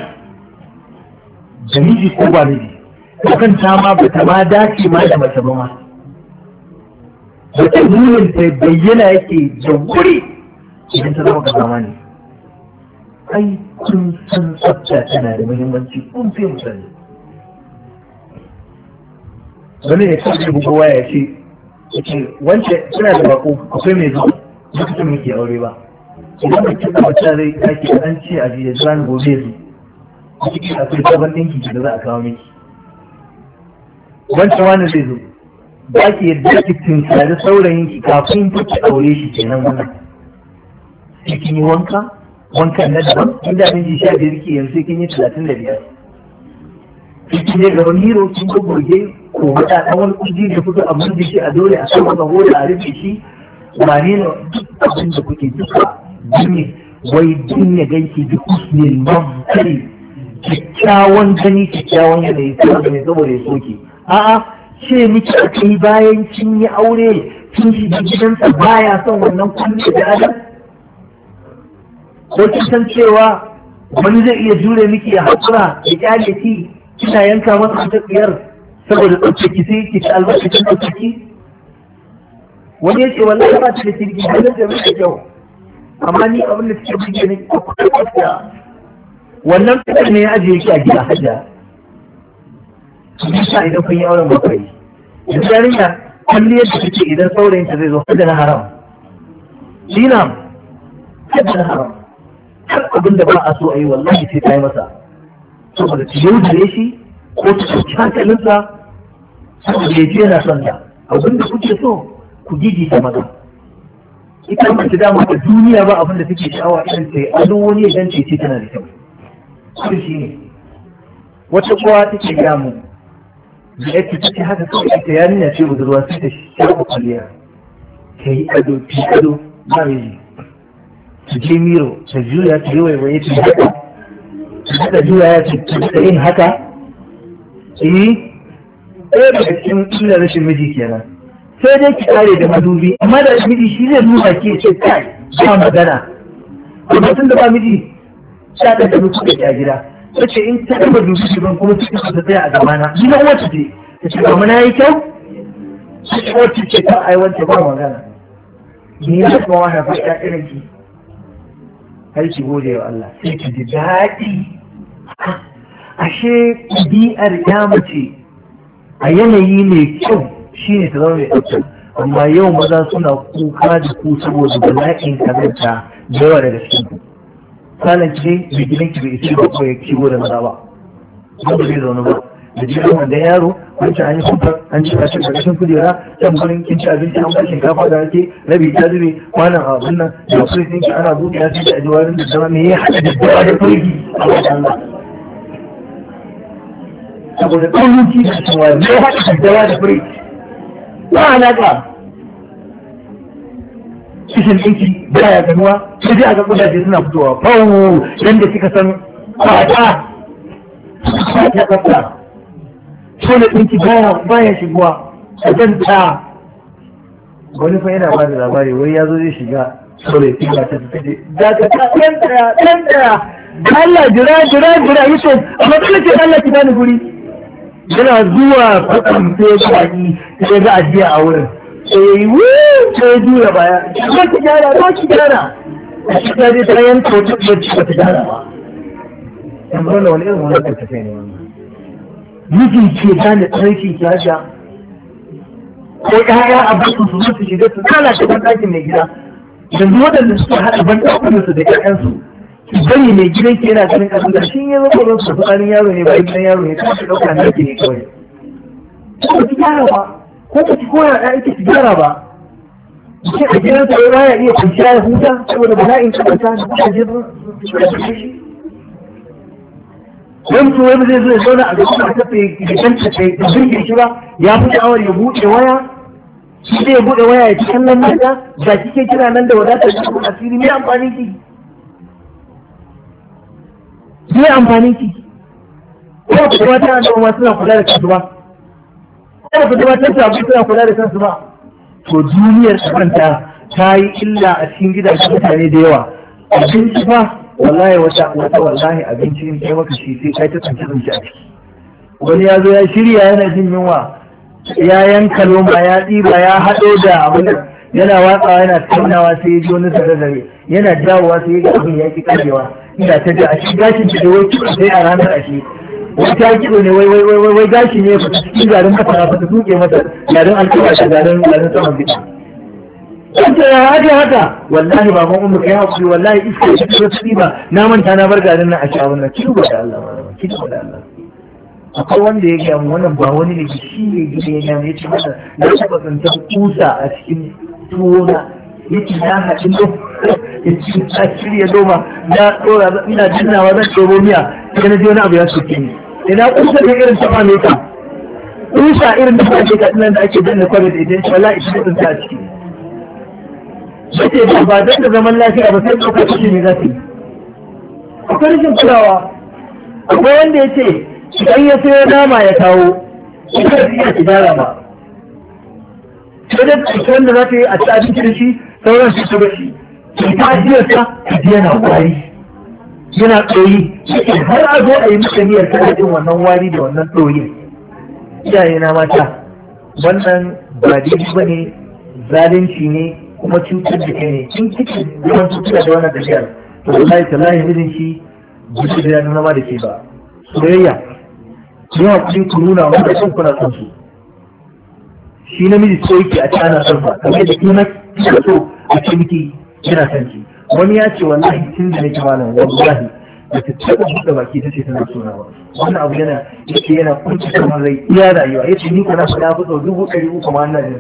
Speaker 1: da miji ko ba miji kan ta ma ba ta ma dace ma da mace ba ma wata nunin ta bayyana yake da wuri idan ta zama kaza ne ai kun san tsafta tana da muhimmanci kun fi mutane wani ne sa shi bugowa ya ce wance suna da bako akwai mai zuwa lokacin muke aure ba idan mutum da mace zai kake an ce a jiya zuwa gobe su a cikin akwai sabon ɗinki da za a kawo miki wancan wani zai zo ba ki yadda ki tunkari saurayin ki kafin ki aure shi kenan wannan sai kin yi wanka wankan na daban inda min ji sha biyar ki yanzu kin yi talatin da biyar kin je gaban hero kin ga burge ko mata dan wani kuji da fito a mun shi a dole a san wannan hore a rufe shi ba ne na abin da kuke duka dinne wai dinne ganki da kusnin kai, kyakkyawan gani kyakkyawan yanayi saboda ya soke a'a ce miki a kai bayan kin yi aure kin da gidansa baya son wannan kulle da adam ko kin san cewa wani zai iya jure miki ya hakura ya kyale ki kina yanka masa ta tsiyar saboda ɗaukaki sai ki ci albarkacin ɗaukaki wani ya ce wallahi ba ta da kirki ba da kyau amma ni abin da suke buge ne wannan kuma ne ya ajiye ki a gida hajja sa idan kun yi auren bakwai yanzu yarinya kwalliyar da take idan saurayin ta zai zo kada na haram dina kada na haram har abin da ba a so a yi wallahi sai ta yi masa saboda ta yaudare shi ko ta ɗauki hankalinsa saboda ya je yana son da abin da kuke so ku gigi ta maza ita mace dama ta duniya ba abin da take sha'awa irin ta yi ado wani ya dance ce tana da kyau shi ne wata kowa take gamu da ya ce haka kawai ita ya nuna ce budurwa sai ta shafa kwaliya ta yi ado ta yi ado ba yi ta je miro ta juya ta yi waiwaye ta yi haka ta da juya ya ce ta yin haka eh ɗaya daga cikin illa rashin miji kenan sai dai ki kare da madubi amma da miji shi zai nuna ke ce kai ba magana amma tun da ba miji sha ɗan da mutu da gida wace in ta taba dusu shi ban kuma cikin su zai a zamana. shi na wata ce ta ce ba na yi kyau shi ta wata ce ta ai ba magana Ni ya kuma wani ba irin ki har ki gode wa Allah sai ki ji daɗi ashe ɗabi'ar ya mace a yanayi mai kyau shi ne ta zama mai ɗauki amma yau maza suna kuka da ku saboda bala'in kazanta da yawa daga cikin salan ki ne gidan ki bai ci ba ko ya kiwo da maza ba ba ba zai zaune ba da jiran wanda yaro wancan an yi kumfar an ci kashin karkashin kujera can gurin kin ci abinci an ba shinkafa da ake rabi ta zube kwanan abun nan da kuri din ki ana buɗe ya ci a jiwarin da zama me yi haɗa da dawa da kurki a wajen Allah saboda ɗaurin ki da cewa me ya haɗa da dawa da kurki ba alaƙa kishin ɗinki baya ganuwa sai dai a ga kudaje suna fitowa fawo yadda kika san kwata ya kwata sai da ɗinki baya shigowa a danta wani fa yana ba da labari wani ya zo zai shiga saboda ya ba ta tafi da daga ɗan ɗaya ɗan ɗaya Allah jira jira jira yace a matsalar ce Allah ki bani guri yana zuwa faɗin sai ya ga ajiya a wurin Eh, sai wu ya juya baya za ki gyara za ki gyara a cikin ta yanka wata bacci ba ta gyara ba yan bar da wani irin wani ta tafiya ne wannan mijin ke gane tsarki kyasha ko ƴaƴa a bakin su zo su shiga su lalata ban ɗakin mai gida yanzu waɗanda suka haɗa ban ɗakin su da ƴaƴansu bari mai gidan ke yana ganin abin da shi ya zama ruwan su fitsarin yaro ne ba gidan yaro ne kuma shi ɗauka ne ke ne kawai. Ko ba su ba, ko ba ki koya ya ita ki ba ce a gidan ta ba ya iya kwanciya ya huta saboda bala'in ka ta ta jirgin wani tuwai ba zai zo ya zauna a gaban da ta fi gidan ta ta ta jirgin shi ya fi sha'awar ya buɗe waya shi zai ya buɗe waya ya ci kallon mata ba kike kira nan da wadatar da kuma asiri me amfani ki me amfani ki ko ba ta da kuma suna kula da kasuwa kada ku gabatar da abin suna kula da kansu ba to duniyar kanta ta yi illa a cikin gidajen mutane da yawa abinci fa wallahi wata wata wallahi abinci in kai maka shi sai kai ta tsanci tsanci a ciki wani ya zo ya shirya yana jin yunwa ya yanka loma ya tsiba, ya haɗo da abin yana watsawa yana taunawa sai ya ji wani zare zare yana dawowa sai ya ga abin ya ƙi karewa ina ta da a shi gashin da wai sai a ranar a shi wani ta kiɗo ne wai wai wai wai gashi ne fata cikin garin masara fata tuke masa garin alƙiwa da garin garin saman gida ta ya haka haka wallahi ba mun umma kai hakuri wallahi iska ce ta tsibi ba na manta na bar garin nan a sha wannan kiɗo da Allah malama kiɗo da Allah akwai wanda ya gaya wannan ba wani ne shi ne gida ya gaya ya ce masa na taɓa tsantar kusa a cikin tuwona ya ce na ne ya shirya doma na ɗora ina jinnawa zan ɗoro miya sai na je wani abu ya soke ni ina kusa da irin ta Amerika kusa irin ta Amerika din da ake danna kwarin da idan shalla ishi din ta ciki sai ba dan da zaman lafiya ba sai lokaci ne za ta yi akwai rashin kulawa akwai wanda ya ce idan ya sayo nama ya kawo shi ka iya kidara ba sai da wanda za ta yi a ci abinci da shi sauran su su bashi ta ajiyarsa ta biya na kwari yana ɗoyi har a zo a yi masa niyyar tana jin wannan wari da wannan tsoyi iyaye na mata wannan ba ba ne zalunci ne kuma cutar da ne in kike zaman cutar da wannan tafiyar to wallahi tallahi irin shi gudu da ya nuna ma da ke ba soyayya yawa kuɗin ku nuna wa da sun kuna son su shi namiji tsoyi yake a cana ana son ba kamar da kuma kika so a ce miki kina son ki wani ya ce wallahi tun da nake malam wallahi da ta taɓa buɗe baki ta ce tana suna ba wannan abu yana yake yana kunci kamar rai iya rayuwa yace ni kana faɗa fi sau dubu ɗari uku ma wannan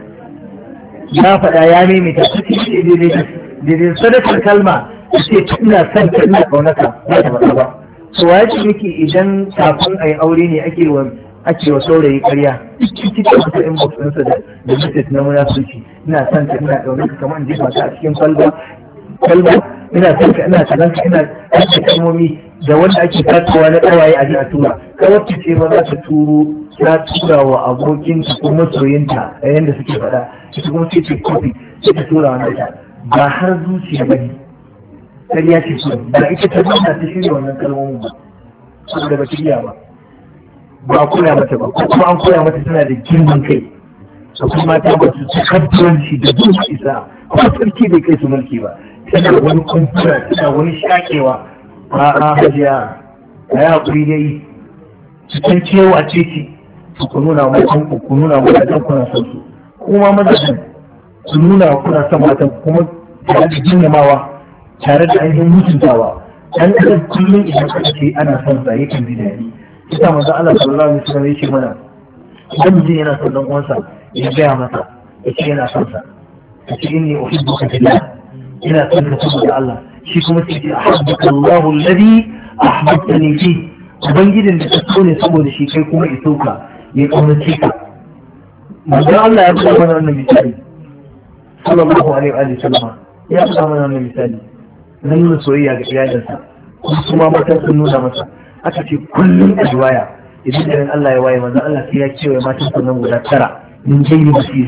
Speaker 1: ya faɗa ya maimaita ta ce ce daidai daidai sadakar kalma ta ce ina son ta ina ƙaunaka ba ta faɗa ba so ya ce yake idan kafin a yi aure ne ake wa ake wa saurayi ƙarya ciki ta wata inbox ɗinsa da da mutum na munafurci ina son ta ina ɗaunaka kamar in jefa ta a cikin kwalba kalma ina sanka ina sanka ina sanka kalmomi da wanda ake tatawa na kawaye a a tura kawai ce ba za ta turo ta tura wa abokinta ko masoyinta a yadda suke faɗa ta kuma ce ce kofi sai ta tura wa ta ba har zuciya ba ne ƙarya ce so ba ita ta zauna ta shirya wannan kalmomin ba saboda ba shirya ba ba koya mata ba ko kuma an koya mata tana da girman kai da kuma ta ba su shi da duk isa ko sarki bai kai su mulki ba tana wani kumfura tana wani shakewa a hajiya a ya haƙuri dai su san cewa ce ki ku nuna mutum ku nuna wa mutum kuna son su kuma mazajin ku nuna wa kuna son matan kuma tare da jinnamawa tare da ainihin mutuntawa dan adam kullum idan aka ce ana son sa kan ji daɗi ita manzo Allah sallallahu alaihi wasallam yake mana idan mutum yana son dan uwansa ya gaya masa ya ce yana son sa ya ce inni uhibbuka fillah ina son ka saboda Allah shi kuma sai ce ahabbaka Allahu alladhi ahbabtani fi ubangijin da ka so ne saboda shi kai kuma iso ka ya kaunace ka manzo Allah ya faɗa mana wannan misali sallallahu alaihi wa sallam ya faɗa mana wannan misali nan nuna soyayya ga iyalinsa kuma mata sun nuna masa aka ce kullum a riwaya idan garin Allah ya waye manzo Allah sai ya ce matan sunan guda tara min jayyi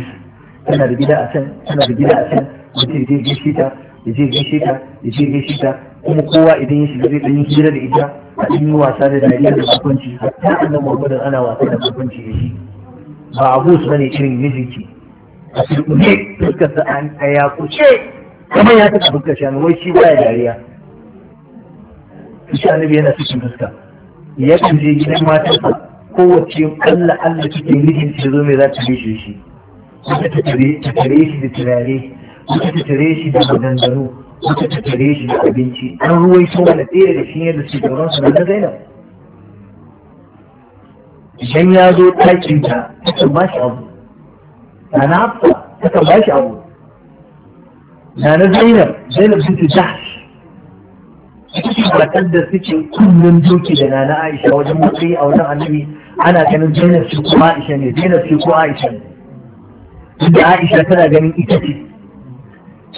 Speaker 1: da gida a can da gida a can mutum zai gaishe ta ya je gaishe ta ya je gaishe ta kuma kowa idan ya shiga zai ɗan yi hira da ita a ɗan yi wasa da dariya da bakunci hatta annan muhammadin ana wasa da bakunci da shi ba abu su bane irin mijinki a turɓune fuskarsa an ɗaya kuce kamar ya taɓa fuskar shi wai shi baya dariya shi annabi yana cikin fuska ya kan je gidan matarsa kowace Allah Allah cikin mijinta da zo mai za ta bishe shi wata ta tare shi da turare wata ta tare shi da maganganu wata ta tare shi da abinci an ruwaito mana ɗaya da shi yadda su gaban su na zainab idan ya zo ɗakin ta takan ba shi abu na na hafsa takan ba shi abu na na zainab zainab sun ce jahsh bakan da suke kullum doki da nana Aisha wajen matsayi a wajen annabi ana ganin Zainab ce ko Aisha ne Zainab ce ko Aisha ne da Aisha tana ganin ita ce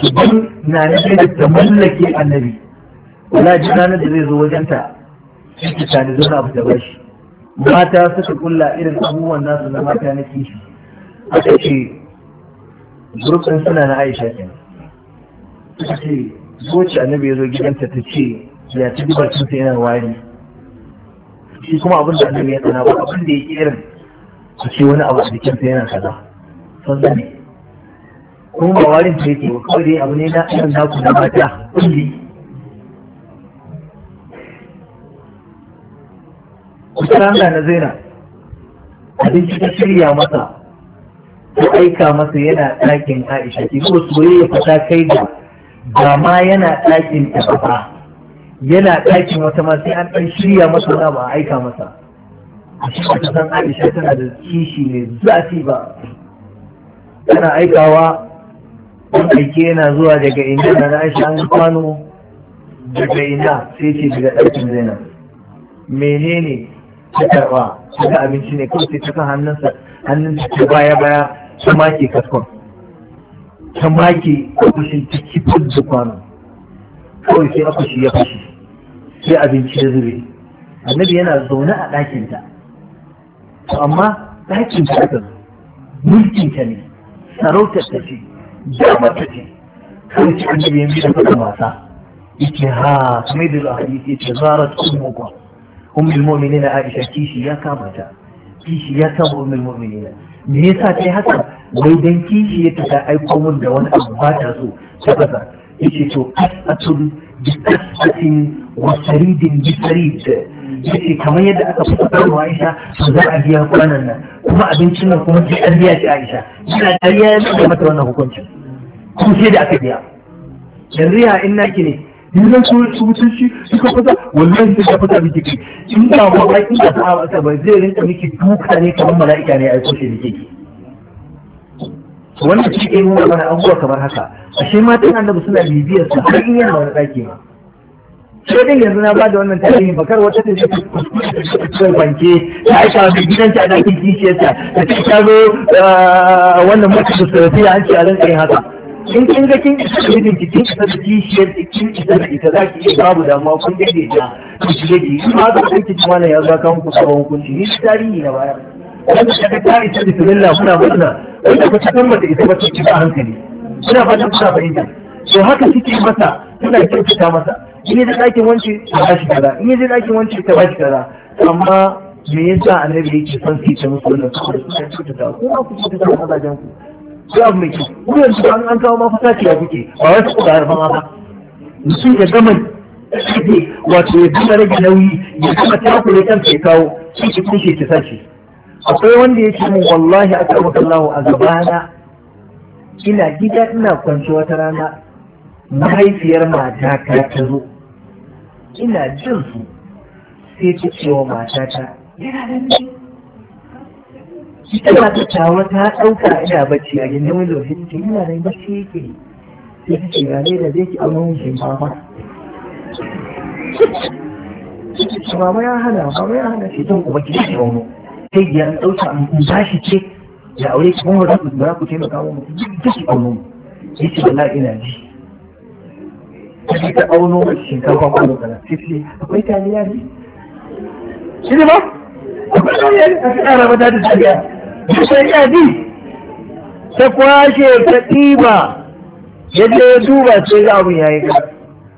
Speaker 1: idan na na da ta mallake annabi wala ji ranar da zai zo wajenta shi ta tani zuwa abu da bashi mata suka kulla irin abubuwan nasu na mata na kishi aka ce gurbin suna na aisha ne suka ce zoci annabi ya zo gidanta ta ce ya ci dubar cinta yana wari shi kuma abin da annabi ya tsana ba abin da ya ƙi irin su ce wani abu a jikinsa yana kaza sannan kuma ba warin ta yake kawai dai abu ne na ɗan naku na mata kulli kusa na zaina abinci ta shirya masa ko aika masa yana ɗakin aisha ki ko ya fata kai da ba ma yana ɗakin ta ba yana ɗakin wata ma sai an ɗan shirya masa na ba aika masa a cikin san aisha tana da kishi mai zafi ba tana aikawa aike yana zuwa daga inda na rashi an kwano daga ina sai ce daga ɗaukin zainab menene ta karɓa ta ga abinci ne kawai sai ta kan hannunsa hannun ta baya baya ta make kaskon ta make akushin ta kifin da kwano kawai sai shi ya fashi sai abinci ya zube annabi yana zaune a ɗakinta amma ɗakinta ta mulkinta ne sarautar ta ce damar ta ce sai ci annabi ya mishi faɗin wasa yake ha kamar da zuwa hadisi yake zarar ummuka ummul mu'minina Aisha kishi ya kama ta kishi ya kama ummul mu'minina me yasa ta yi haka wai dan kishi ya ta aiko mun da wani abu ba ta so ta kaza yace to asatun bi asatin wa saridin bi sarid yake kamar yadda aka fi fitar wa Aisha su za a biya kwanan nan kuma abincin nan kuma sai an biya shi Aisha yana dariya ya da mata wannan hukuncin kuma sai da aka biya yanzu ya in naki ne yanzu su su mutunci suka fasa wallahi sai ka fasa miki in ba ma ba in ba sa'a ba ba zai rinka miki duka ne kamar mala'ika ne a aiko shi miki wannan shi ke nuna mana abubuwa kamar haka ashe matan annabi suna bibiyar su har in yana wani ɗaki ma sai yanzu na ba da wannan tarihin bakar wata da shi kusurin banke ta aika wata gidan ta da kin kishiyarta da ta ta zo ah, wannan mutum da sarafiya an ce a ran haka in kin ga kin isa da mijin kin isa da kishiyar kin isa da ita za ki iya babu damuwa kun dade ta ki shige ki ma ga kun ci mana ya za ka muku sabon hukunci ni tarihi na baya
Speaker 2: wanda ta ta isa da bismillah kuna murna
Speaker 1: wanda ku cikin mata isa ba ta hankali kuna fatan kuna fahimta to haka kike masa kuna kyautata masa in yi ɗakin wanci ta ba kaza in yi ɗakin wanci ta ba shi kaza amma me yasa annabi yake son su ce musu wannan saboda su ta cutata ko ma ku cutata a mazajen ku ko abu mai kyau ku yanzu an an kawo ma fata ce ya kuke ba wai ku ga harfa ma ba mutum ya gama kafe wato ya gama rage nauyi ya gama takure kan ya kawo shi ki kushe ki sace akwai wanda ya ce min wallahi a karɓar Allah a gabana ina gida ina kwanci wata rana mahaifiyar mata ta zo ina jin su sai ta ce wa matata yana da ne ita mata ta wata ɗauka ina bacci a gindin wani lokacin ta yana nan bacci yake sai ta ce gane da zai ki a mun shinkafa mama ya hana mama ya hana shi don kuma ki shi wa mu sai ya ɗauka in ba shi ce ya aure ki mun ba za ku taimaka mu ki ce wa mu ya ce wallahi ina ji ta ta auno shinkafa kwano kaza sai ce akwai taliya ne shi ne ba akwai taliya ne a tsara mata da taliya sai ya bi ta kwashe ta ɗiba yadda ya duba sai ga abin yayi ka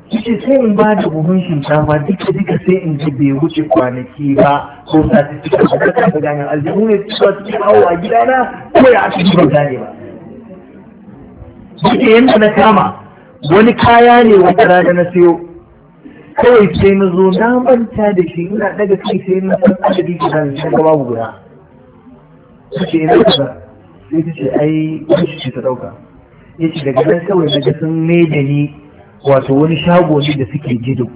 Speaker 1: kici sai in ba da buhun shinkafa duka duka sai in ji bai wuce kwanaki ba ko sati ta ba ka ta gane aljihu ne cewa cikin awo a gidana ko ya aka ji ban gane ba. Duka yadda na kama wani kaya ne wata rana na siyo kawai sai na zo na manta da shi ina daga kai sai na san adadi ki da shi ga babu guda suke ina ka sai ta ce ai wani shi ta dauka ya ce daga nan kawai daga sun mai ni wato wani shago ne da suke gido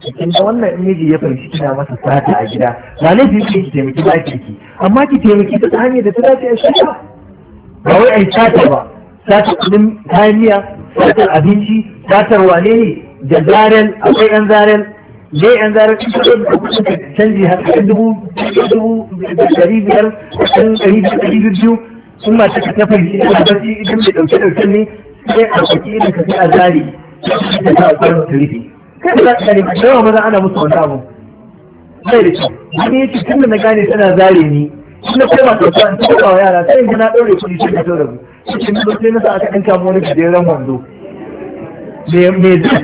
Speaker 1: cikin da wannan miji ya fahimci kina masa sata a gida ba ne ke ki taimaki ba kirki amma ki taimaki ta hanyar da ta dace a shi ba wai ai sata ba satar kayan miya satar abinci satar wane ne da zaren akwai yan zaren ne yan zaren in ka ɗauka kudin canji ɗan dubu dubu ɗari biyar ɗari biyar ɗari biyu in ma ta kafa yi ina barci idan bai ɗauke ɗauke ne sai a ɗauki irin ka a zari da ta rufe za yawa maza ana musu wani abu sai da kyau wani yake tun da na gane tana zare ni ina koma ɗauka in ta yara sai in na ɗaure kuɗi sai cikin na sai na sa aka ɗinka wani gajeren wando me zai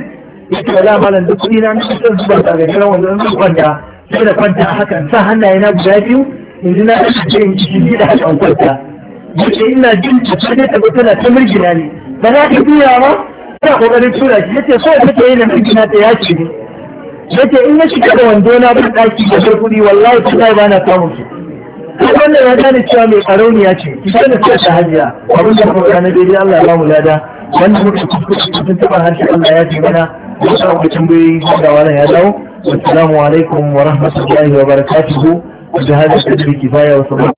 Speaker 1: ya ce wala malam duk kuɗi na nufin sun zuba a gajeren wando in zuba kwanta sai da kwanta a hakan sa hannaye na guda biyu yanzu na ɗan ce in ciki da hakan kwanta yace ina jin cutar da tabo tana ta mirgina ne ba za ka biya ba ina kokarin tura shi yace so kake yi na mirgina ta ce ne yace in na shiga da wando na ban ɗaki da kuɗi wallahi kuɗai ba na samun su wannan ya gane cewa mai sarauniya ce ita da ta hajiya abin da muka na daidai Allah ya ba mu lada wanda muka cikin taɓa harshe Allah ya ji mana da sa ku tambayoyi da wannan ya dawo assalamu alaikum wa rahmatullahi wa barakatuhu da hadisi da kifaya wa